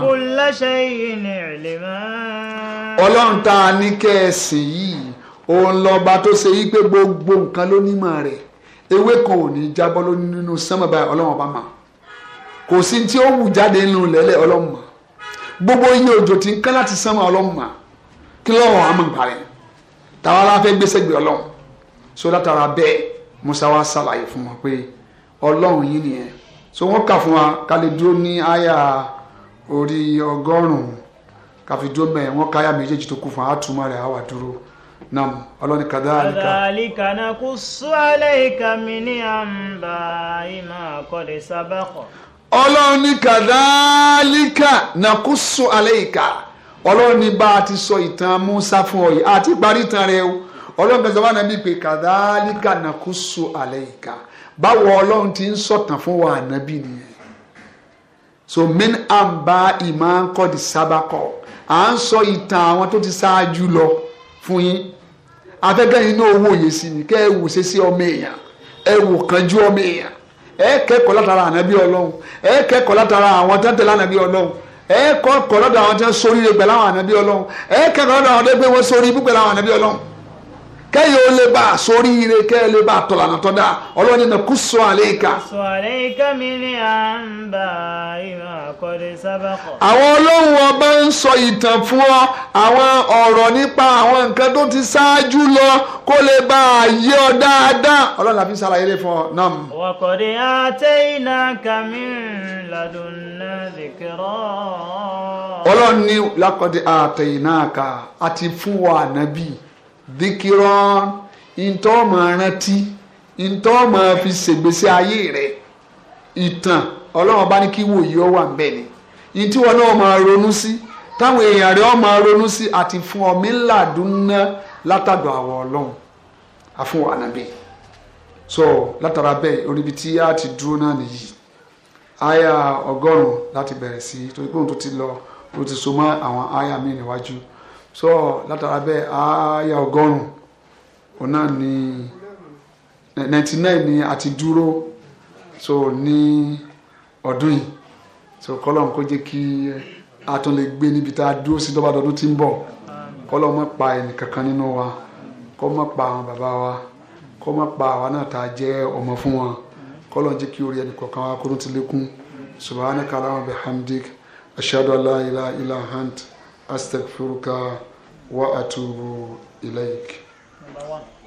ọlọ́run tá a ní kẹ́ẹ̀sìn yìí òun lọ́ba tó ṣe yí pé gbogbo nǹkan ló nímọ̀ rẹ̀ ewé kan ò ní jábọ́ ló nínú sánmọ̀ báyìí ọlọ́run ọba mà kò sí tí ó wù jáde nínú lẹ́lẹ̀ ọlọ́run mà gbogbo iye òjò tí ń kán láti sánmọ̀ ọlọ́run mà kí lọ́wọ́ àmọ̀ gbà rẹ̀ tàwa la fẹ́ gbèsè gbé ọlọ́run so látara bẹ́ẹ̀ Musa wa ṣàlàyé fún wọn pé ọlọ́run yìí nìyẹn so wọ́n kà fún wa ká lè dúró ní àyà orí ọgọ́rùn-ún ká fi dúró bẹ́ẹ̀ wọ́n káyà méjèèjì tó kù fún wa á rẹ̀ á dúró nam ọlọ́ni kàdáàlìkà.
kàdáàlìkà náà kò sọ àlẹ́ ìka mi ní àǹbá ìmọ̀ àkọlẹ̀ sábàkọ̀.
ọlọ́ni kàdáàlìkà náà kò sọ àlẹ́ ìka ọlọ́ni bá a ti sọ ìtàn Musa fún ọ yìí àti parí ìtàn rẹ o ọlọ́ni kàdáàlìkà náà kò sọ àlẹ́ ìka báwo ọlọ́run ti ń sọ̀tàn fún wa ànábì nìyẹn so min amba iman kọ́ di sábàkọ́ à ń sọ ìtàn àwọn tó ti ṣáájú lọ fún yín afẹ́gẹ́ yín náà wò yé sí ni kẹ́ ẹ wò ṣe sí ọmọ èèyàn ẹ wò kánjú ọmọ èèyàn ẹ kẹ́kọ̀ọ́ látara ànábì ọlọ́run ẹ kẹ́kọ̀ọ́ látara àwọn tẹ́tẹ̀lá ànábì ọlọ́run ẹ kọ́kọ́ lọ́dọ̀ àwọn tí wọ́n sórí rẹ̀ pẹ̀lú àwọn ànábì ọlọ́run ẹ kẹ́kọ̀ọ́ lọ́dọ̀ àwọn tó gbé wọn sórí ibú pẹ̀lú àwọn ànábì ọlọ́run kẹ́yìn ó lè bá a sórí ire kẹ́ ẹ lè bá a tọ̀là náà tọ́ da ọlọ́run nínú kú sọ àlééka.
sọ àlééka mi ni à ń bá ìmọ̀ àkọ́dé sábà kọ. àwọn
ọlọ́run ọba ń sọ ìtàn fún ọ àwọn ọ̀rọ̀ nípa àwọn nǹkan tó ti ṣáájú lọ kó lè bá a yé ọ dáadáa ọlọ́run làbí sàlàyé lè fún ọ náà.
wàkọ̀dé àtẹ iná kàmí ladùnà dìkìrọ̀.
ọlọ́run ní lákọ̀dé àtẹ iná ká àti fún wa ànábì díkírọ́ ntọ́ máa rántí ntọ́ máa fi ṣègbésí ayé rẹ̀ ìtàn ọlọ́run bá ní kí wòye ọ wà mbẹ́ ni ìtí wọn náà máa ronú sí táwọn èèyàn rẹ̀ ọ ronú sí àti fún ọmí ńláàdúnná látàdọ̀ àwọ̀ ọlọ́run àfúnwà nàbẹ̀ so látara bẹ́ẹ̀ oríbi tí a ti dúró náà nìyí aya ọgọ́rùn-ún láti bẹ̀rẹ̀ sí torí pé òun tó ti lọ ó ti so mọ́ àwọn aya mi níwájú so látara bẹ́ẹ̀ àáyá ọgọ́rùn ọ̀nà ní ninety nine ni a ti dúró so ní ọdún yìí so kọ́lọ́n kó jẹ́ kí a tún lè gbé níbi tá a dúró sí dọ́bàdọ́dún tí ń bọ̀ kọ́lọ́n má pa ẹnì kankan nínú wa kọ́ má pa àwọn bàbá wa kọ́ má pa àwa náà tá a jẹ́ ọmọ fún wa kọ́lọ́n jẹ́ kí orí ẹnì kọ̀ọ̀kan wa kó ti lékún subhanaka allahumma bihamdik ashhadu an la ilaha illa anta astaghfiruka wa atubu ilaik. Number one.